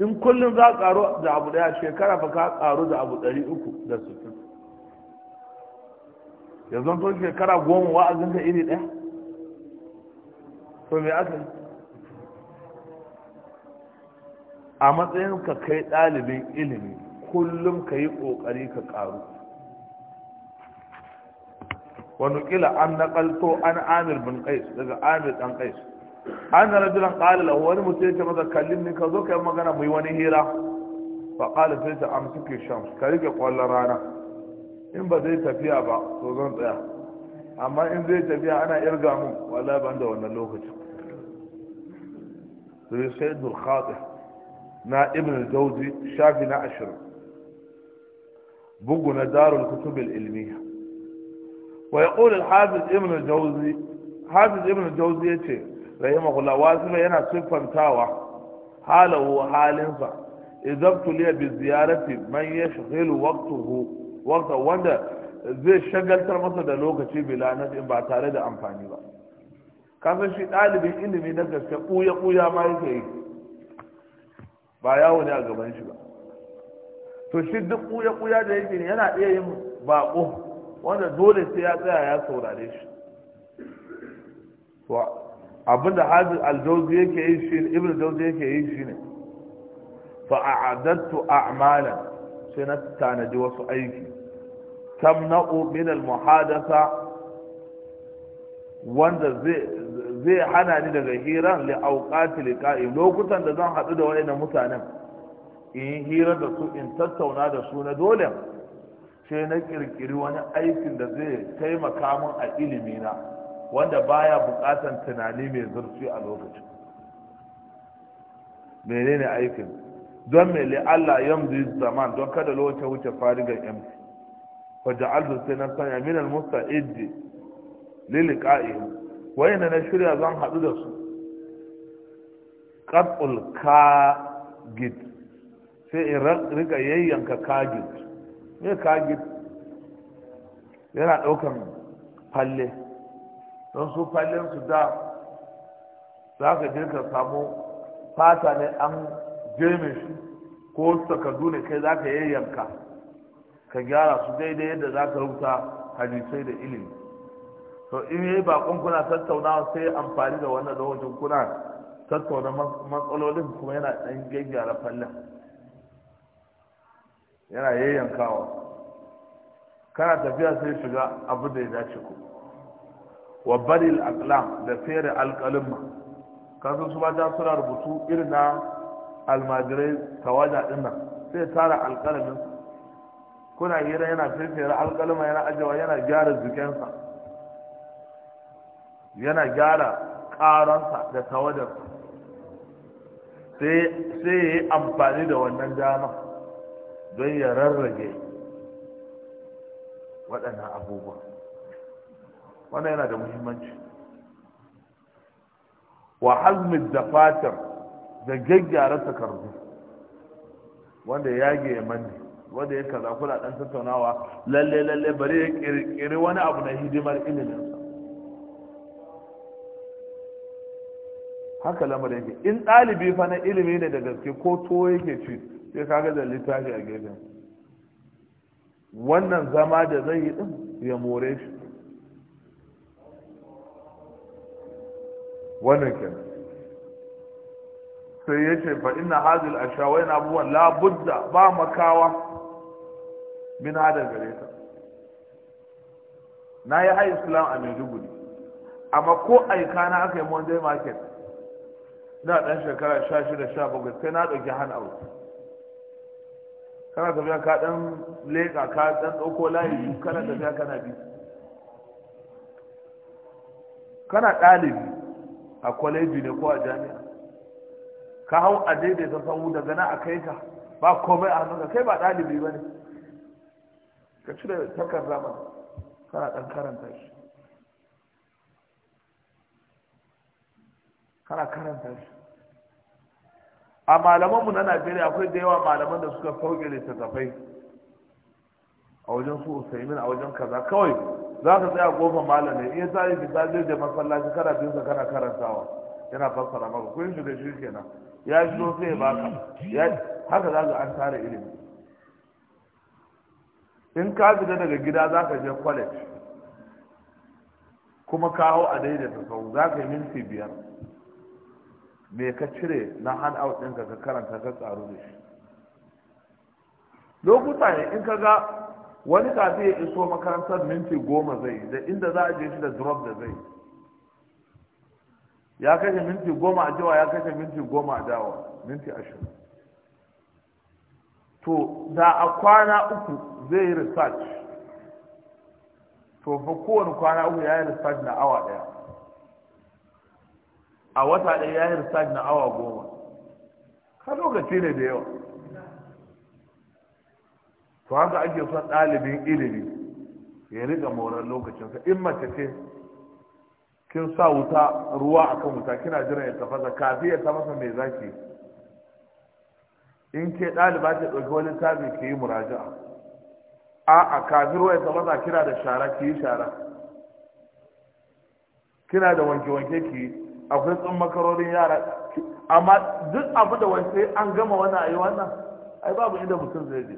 in kullum za karo da abu ɗaya shekara fa ka karo da abu ɗari uku da sittin yanzu to shekara goma wa'azinka iri ɗaya to mai aka yi a matsayin ka kai ɗalibin ilimi kullum ka yi ƙoƙari ka ƙaru wani ƙila an naƙalto an amir bin ƙais daga amir ɗan ƙais an na rajulan ƙalila wani mutum ya ce masa kallin ni ka zo ka yi magana mai wani hira ba ƙalil sai ta amsu ke shan ka rike ƙwallon rana in ba zai tafiya ba to zan tsaya amma in zai tafiya ana irga mun wala ban da wannan lokacin da ya sai dulkhaɗi na ibn jauzi shafi na ashirin bugu na darul kutubul ilmiya wa ya ƙoli hafiz ibn jauzi hafiz ibn jauzi ya ce rahimahullah wasu yana siffantawa halawo halinsa idan tuliya bi ziyarati man ya shahilu waktuhu wanda zai shagaltar masa da lokaci bila nafin ba tare da amfani ba kasan shi ɗalibin ilimi na gaske ɓuya ɓuya ma yake yi ba yawo ne a gaban shi ba to shi duk ɓuya ɓuya da yake yana iya yin baƙo wanda dole sai ya tsaya ya saurare shi abin da hajji aljauzi yake yi shi ibn jauzi yake yi shi ne fa a'adattu a'malan sai na tanadi wasu aiki tamna'u min al-muhadatha wanda zai zai hana ni daga hira li auqati liqa'i lokutan da zan hadu da wayannan mutanen in hira da su in tattauna da su na dole sai na kirkiri wani aikin da zai taimaka min a ilimi na wanda baya bukatan tunani mai zurfi a lokacin menene aikin don me li Allah yanzu zaman don kada lokacin wuce farigar yamdi fa ja'al sai na sanya min al-musta'id li liqa'ihim wayanda na shirya zan haɗu da su ƙatsul kagid sai in rika yayyanka kagid me kagid yana ɗaukan falle don su fallen su da za ka je ka samu fata ne an jeme shi ko takardu ne kai za ka yayyanka ka gyara su daidai yadda za ka rubuta hadisai da ilimi to in yi bakon kuna tattaunawa sai amfani da wannan lokacin kuna tattauna matsalolin kuma yana dan gaggara fallan yana yayyankawa kana tafiya sai shiga abu da ya dace ku wa baril aqlam da fere alqalamma Kasu su ba ta suna rubutu irin na almajirai tawada din nan sai tara alqalamin kuna hira yana fefere alqalama yana ajewa yana gyara zukensa yana gyara karansa da tawadarsa sai ya yi amfani da wannan dama don ya rarrage waɗannan abubuwa wannan yana da muhimmanci wa hazmin da fatar da gaggyara takardu wanda ya yage ya manne wanda ya kaza kula ɗan tattaunawa lalle lalle bari ya ƙirƙiri wani abu na hidimar iliminsa haka lamarin yake in ɗalibi fa na ilimi ne da gaske ko to yake ci sai kaga da littafi a gefen wannan zama da zai yi din ya more shi wannan kenan sai ya ce fa ina hazil a shawai na abubuwan labudda ba makawa min hada gare ta na yi ha islam a maiduguri amma ko aika na aka yi monday market na dan shekara sha shida sha bakwai sai na ɗauki hana aure. kana tafiya ka ɗan leƙa ka ɗan ɗauko layi kana tafiya kana bi kana ɗalibi a kwaleji ne ko a jami'a ka hau a daidaita sanwu daga na a kai ka ba komai a hannunka kai ba ɗalibi ba ne ka cire takardar ba kana ɗan karanta shi kana karanta shi a malamanmu na najeriya akwai da yawa malaman da suka sauke littattafai a wajen su usaimin a wajen kaza kawai za ka tsaya gofan malamai iya tsari da tsari da masallaci kana binsa kana karantawa yana fassara maka yin shiga shi kenan ya zo sai baka ka haka za ka an tara ilimi in ka fita daga gida za ka je college kuma kawo a daidaita sau za ka yi minti biyar me ka cire na hand out ɗinka ka karanta ka tsaro da shi lokuta ne in ka ga wani kafin ya iso makarantar minti goma zai da inda za a je shi da drop da zai ya kashe minti goma a jawa ya kashe minti goma a dawa minti ashirin to da a kwana uku zai yi research to fa kowane kwana uku ya yi research na awa ɗaya. a wata ɗaya ya yi research na awa goma ka lokaci ne da yawa to haka ake son ɗalibin ilimi ya riga moran lokacinsa in mace ce kin sa wuta ruwa akan wuta kina jiran ya tafasa kafin ya tafasa mai zaki in ke ɗaliba ta ɗauki wani tabi ki yi muraja'a a a kafin ruwa ya tafasa kina da shara ki yi shara kina da wanke-wanke ki yi akwai tsun makarorin yara amma duk abu da wani sai an gama wani a yi wannan ai babu inda mutum zai je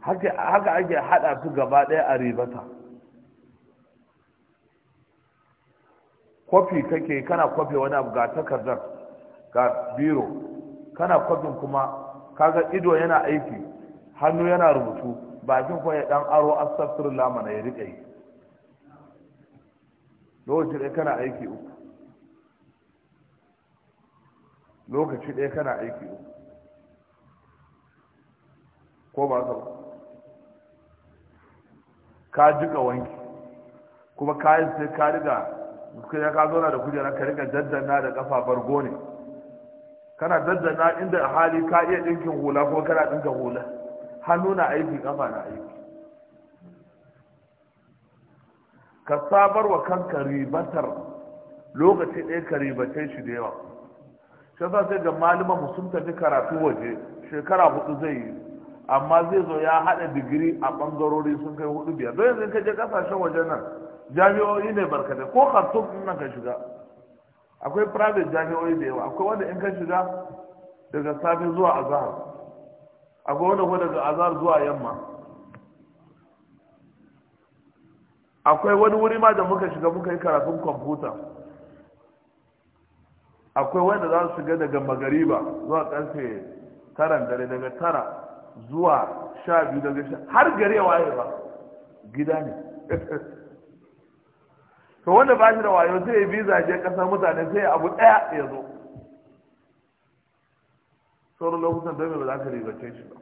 haka ake haɗa su gaba ɗaya a ribata kwafi kake kana kofi wani abu ga takardar ga biro kana kwafin kuma kaga ido yana aiki hannu yana rubutu bakin kuma ya dan aro astagfirullah mana ya rike yi lokaci ɗaya kana aiki uku lokaci ɗaya kana aiki uku ko ba ka ka jika wanki kuma kayan sai ka riga suka ya ka zauna da kujera ka riga daddana da kafa bargo ne kana daddana inda hali ka iya ɗinkin hula ko kana ɗinka hula hannu na aiki kafa na aiki ka sabar wa kanka ribatar lokaci ɗaya ka ribace shi da yawa shi sa sai ga malama mu sun tafi karatu waje shekara hudu zai yi amma zai zo ya haɗa digiri a ɓangarori sun kai hudu biyar don yanzu ka je ƙasashen waje nan jami'o'i ne barkatai ko khartoum in ka shiga akwai private jami'o'i da yawa akwai wanda in ka shiga daga safe zuwa azahar akwai wanda kuma daga azahar zuwa yamma akwai wani wuri ma da muka shiga muka yi karatun kwamfuta akwai wanda za su shiga daga magariba zuwa karfe taran dare daga tara zuwa sha biyu daga sha har gare waye ba gida ne to wanda ba shi da wayo sai ya bi zaje kasa mutane sai abu daya ya zo sauran lokutan don ba za ka ribace shi ba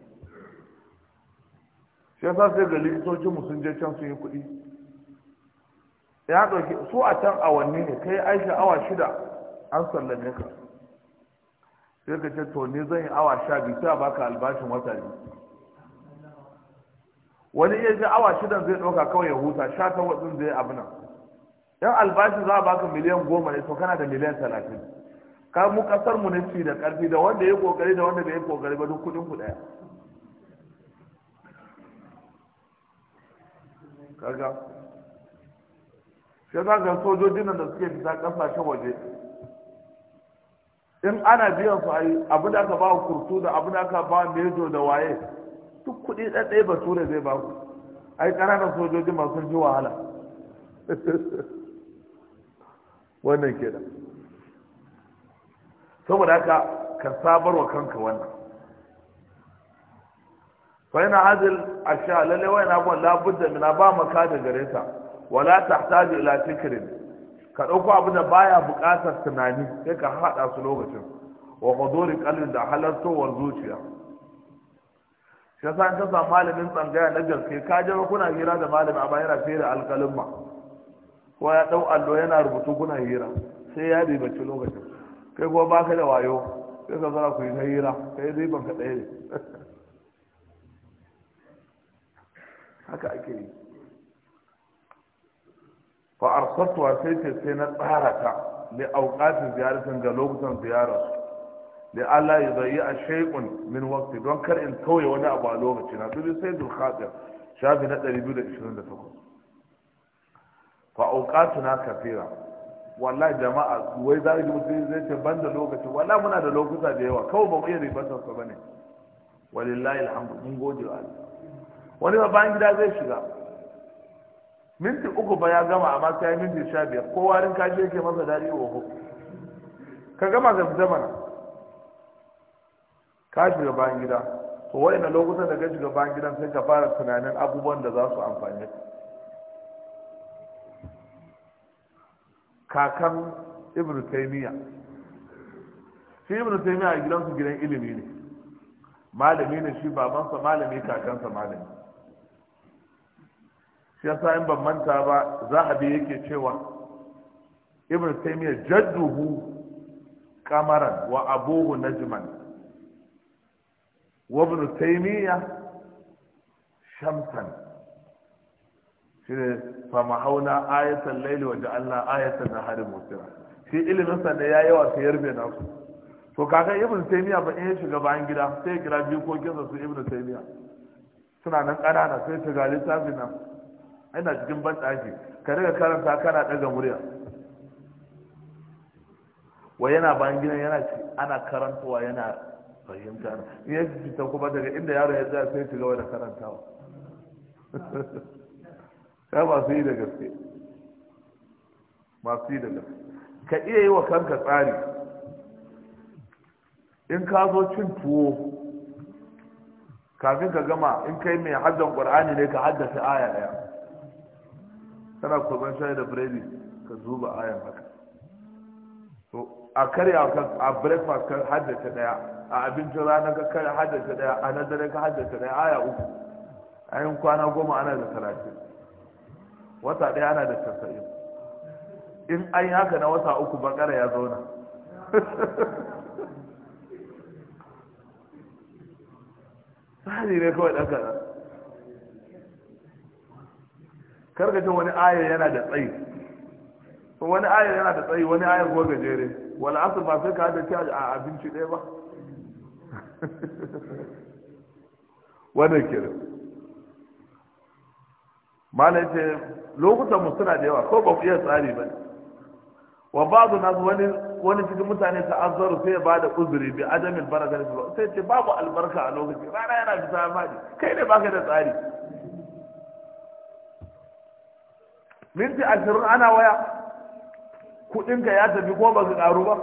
shi yasa sai ga likitocin sun je can sun yi kuɗi ya ɗauki su a can awanni ne kai aisha awa shida an sallame ka sai ka ce to ni zan yi awa sha biyu sai baka albashin wata ne wani iya ji awa shidan zai ɗauka kawai ya huta sha ta watsin zai abu nan yan albashin za a baka miliyan goma ne to kana da miliyan talatin ka mu kasar mu na ci da ƙarfi da wanda ya kokari da wanda bai yi kokari ba duk kudin ku ɗaya kaga shi za ga sojojin da suke fita kasashen waje in ana biyan su ayi abu da aka ba wa kurtu da abu da aka ba wa mejo da waye duk kuɗi ba bature zai ba ku ai ƙananan sojoji masu ji wahala wannan ke da saboda haka ka sabar wa kanka wannan fa yana hadil asha lalle yana abubuwan labudda mina ba maka da gare ta wala tahtaju ila fikrin ka dauko abu da baya buƙatar tunani sai ka hada su lokacin wa huduri qalbi da halartowar zuciya shi yasa ka malamin tsangaya na gaske ka ji kuna hira da malami a yana sai da ma ko ya dau allo yana rubutu kuna hira sai ya ribaci lokacin kai kuma baka da wayo sai ka zara ku yi hira kai ban ka ɗaya ne haka ake yi fa arsatuwa sai ce sai na tsara ta li auqatin ziyaratin ga lokutan ziyara. li Allah ya zai a shay'un min waqti don kar in tauye wani abu a lokaci na dubi sai dul khatir shafi na 228 fa auqatuna kafira wallahi jama'a wai za ki mutum zai ce ban da lokaci wallahi muna da lokuta da yawa kawai ba mu iya ribatar ba ne. walillahi alhamdu mun gode wa Allah wani ba gida zai shiga minti uku ba ya gama amma sai ya minti sha biyar ko warin kaji yake masa daɗi oho ka gama ka fita mana ka shiga bayan gida to wa'ina lokutan da ka shiga bayan gidan sai ka fara tunanin abubuwan da za su amfani kakan ibn taymiya shi ibn taymiya a gidansu gidan ilimi ne malami ne shi babansa malami kakansa malami shi yasa in ban manta ba zahabi yake cewa ibn taymiya jadduhu kamaran wa abuhu najman wa ibn taymiya shamsan shi ne fama hauna ayatan laili wa ja'alna ayatan nahari mutira shi ilimin sa ya yayi wa sayar bai nasu to kaga ibn taymiya ba in ya shiga bayan gida sai ya kira biyu ko kinsa su ibn taymiya suna nan ƙanana sai shiga littafin nan ina cikin banɗaki ka daga karanta kana daga murya wa yana bayan gidan yana ana karantawa yana fahimta in ya fita kuma daga inda yaro ya tsaya sai shiga wani karantawa ka masu yi da gaske masu yi da gaske ka iya yi wa kanka tsari in ka zo cin tuwo kafin ka gama in kai mai haddan ƙwar'ani ne ka haddasa aya ɗaya kana kurban shayi da biredi ka zuba ayan haka to a karya a breakfast ka haddace daya a abincin rana ka karya haddace daya a na dare ka haddace daya aya uku a yin kwana goma ana da talatin wata daya ana da tasa'in in an yi haka na wata uku bakara ya zauna tsari ne kawai ɗan karka jin wani ayar yana da tsayi wani ayar yana da tsayi wani ayar ko gajere wani asr ba sai ka da ci a abinci ɗaya ba wannan kiran malai ce lokutan mu suna da yawa ko ba iya tsari ba wa babu nasu wani wani cikin mutane ta azzaru sai ya ba da uzuri bi adamin barakar sai ce babu albarka a lokaci rana yana fita ya kai ne baka da tsari minti ashirin ana waya kudinka ya tafi ko ba su karu ba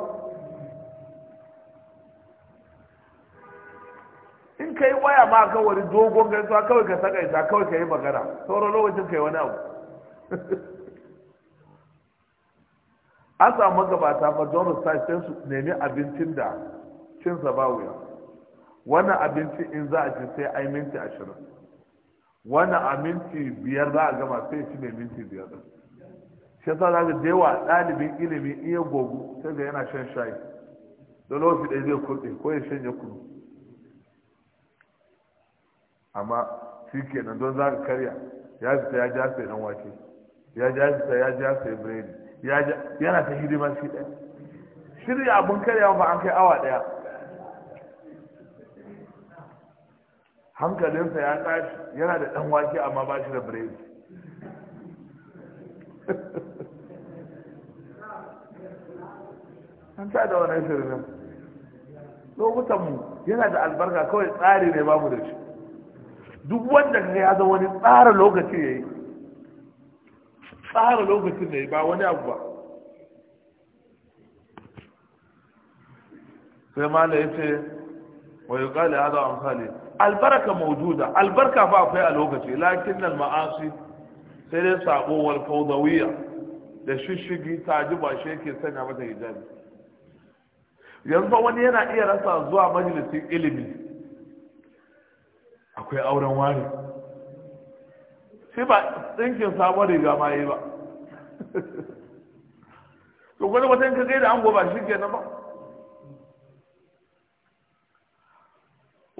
in ka yi waya ma ka wani dogon gaisuwa kawai ka saka isa kawai ka yi magana sauran lokacin ka yi wani abu an samu magabata ba don sai su nemi abincin da cinsa ba wannan abinci in za a ci sai ai minti ashirin wani a minti biyar za a gama sai shi mai minti biyar da shi yasa za da yawa ɗalibin ilimi iya gogu sai da yana shan shayi da lokaci ɗaya zai kurɗe ko ya shan ya kunu amma shi kenan don za ka karya ya fita ya ja sai ɗan wake ya ja fita ya ja sai biredi yana ta hidima shi ɗaya shirya abin karyawa ba an kai awa ɗaya hankalinsa ya tashi yana da ɗan wake amma ba shi da biredi an ta da wani shirin mu yana da albarka kawai tsari ne babu da shi duk wanda ka ya zama wani tsara lokaci ya yi tsara lokacin ne ba wani abu ba sai da ya ce wa yi kali zama amfani. Albarka maududa albarka ba akwai a lokaci lakin nan ma'asi sai dai sabo wal da shishigi ta ji ba shi yake sanya mata hijabi yanzu wani yana iya rasa zuwa majalisin ilimi akwai auren wani shi ba tsinkin sabon riga ma yi ba to gwada wata yanka gaida an goba shi na ba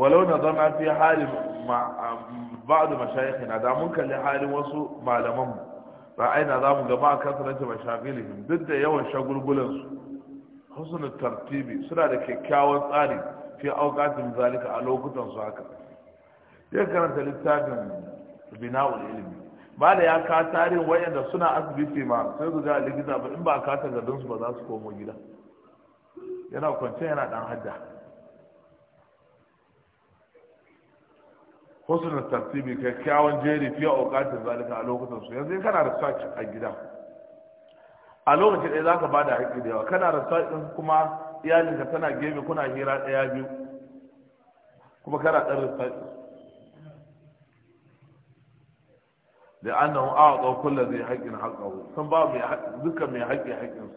walau na zama fi halin ba'adu mashayikhina na. mun kalli halin wasu malamanmu ra'ayina za mu gaba a kasarance mashagilihim duk da yawan shagulgulansu husnul tartibi suna da kyakkyawan tsari fi auqatin zalika a lokutan su haka ya karanta littafin bina'ul ilimi. ba da ya ka tarin wayanda suna asibiti ma sai su ga likita ba in ba a tagardun su ba za su komo gida yana kwance yana dan hadda husnul tartibi kyakkyawan jeri fiye a auqatin zalika a lokutan su yanzu kana da sashi a gida a lokacin ɗaya za ka ba da haƙƙi da yawa kana da sashi kuma iyalinka tana gefe kuna hira ɗaya biyu kuma kana ɗan sashi da an nan awa ɗau kulla zai haƙƙin haƙƙahu sun ba dukkan mai haƙƙi su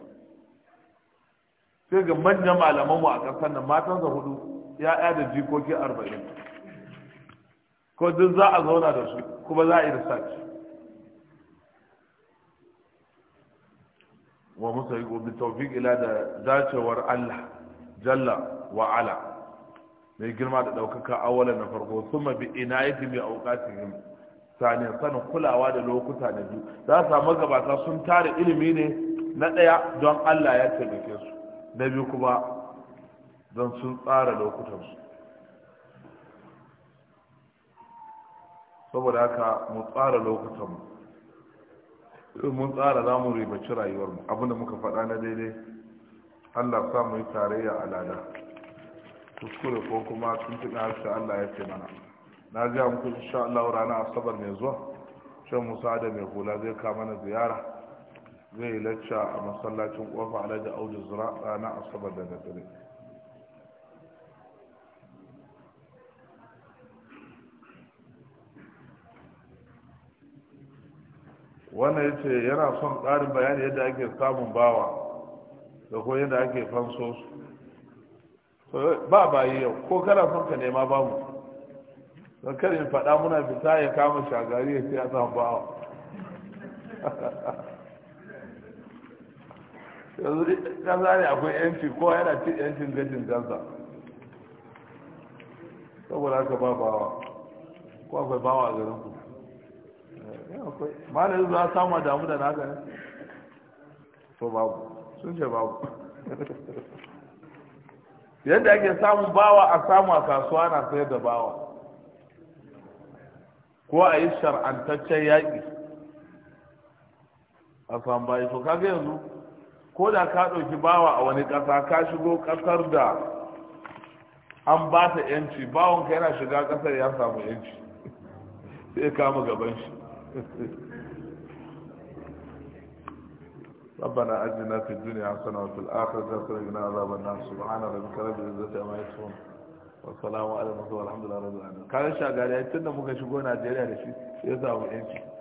sai ga manyan malamanmu a ƙasar nan matansa hudu ya'ya da jikoki arba'in ko duk za a zauna da su kuma za a yi research wa musa yi gobe taufik ila da dacewar allah jalla wa ala mai girma da ɗaukaka awala na farko suma bi ina yi yake mai yin sanin sanin kulawa da lokuta na biyu za su samu gabata sun tare ilimi ne na ɗaya don allah ya taimake su na biyu kuma don sun tsara lokutansu saboda haka mu tsara lokutanmu eh, mun tsara za mu ribaci rayuwarmu abinda muka faɗa na daidai allah sa mu yi tarayya a lada kuskure ko kuma sun fi harshe allah ya ce mana na ji a muku insha allah rana asabar mai zuwa shan musa da mai hula zai kama na ziyara zai yi lacca a masallacin kofa alhaji audu zura rana asabar da dare wannan ya ce yana son ƙarin bayani yadda ake samun bawa da ko yadda ake fanso su ba bayi yau ko kana son ka nema bamu don kar in faɗa muna fita ya kama shagari ya ce ya samu bawa yanzu ƙasa ne akwai yanci ko yana ci yancin gajin gansa saboda haka ba bawa ko akwai bawa a garin malam ya samu damu da naka ne to babu sun ce babu yadda ake samun bawa a samu a kasuwa na sayar da bawa ko a yi shar'antaccen yaƙi a samu bayi to kaga yanzu ko da ka ɗauki bawa a wani ƙasa ka shigo ƙasar da an ba ta 'yanci bawon ka yana shiga ƙasar ya samu 'yanci sai kama gaban shi ربنا أجلنا في الدنيا حسنة وفي الآخرة أخرجنا عذاب النار سبحان ربك رب العزة عما يصفون والسلام على المرسلين والحمد لله رب العالمين كان الشاغال يا tunda muka shigo Najeriya da shi sai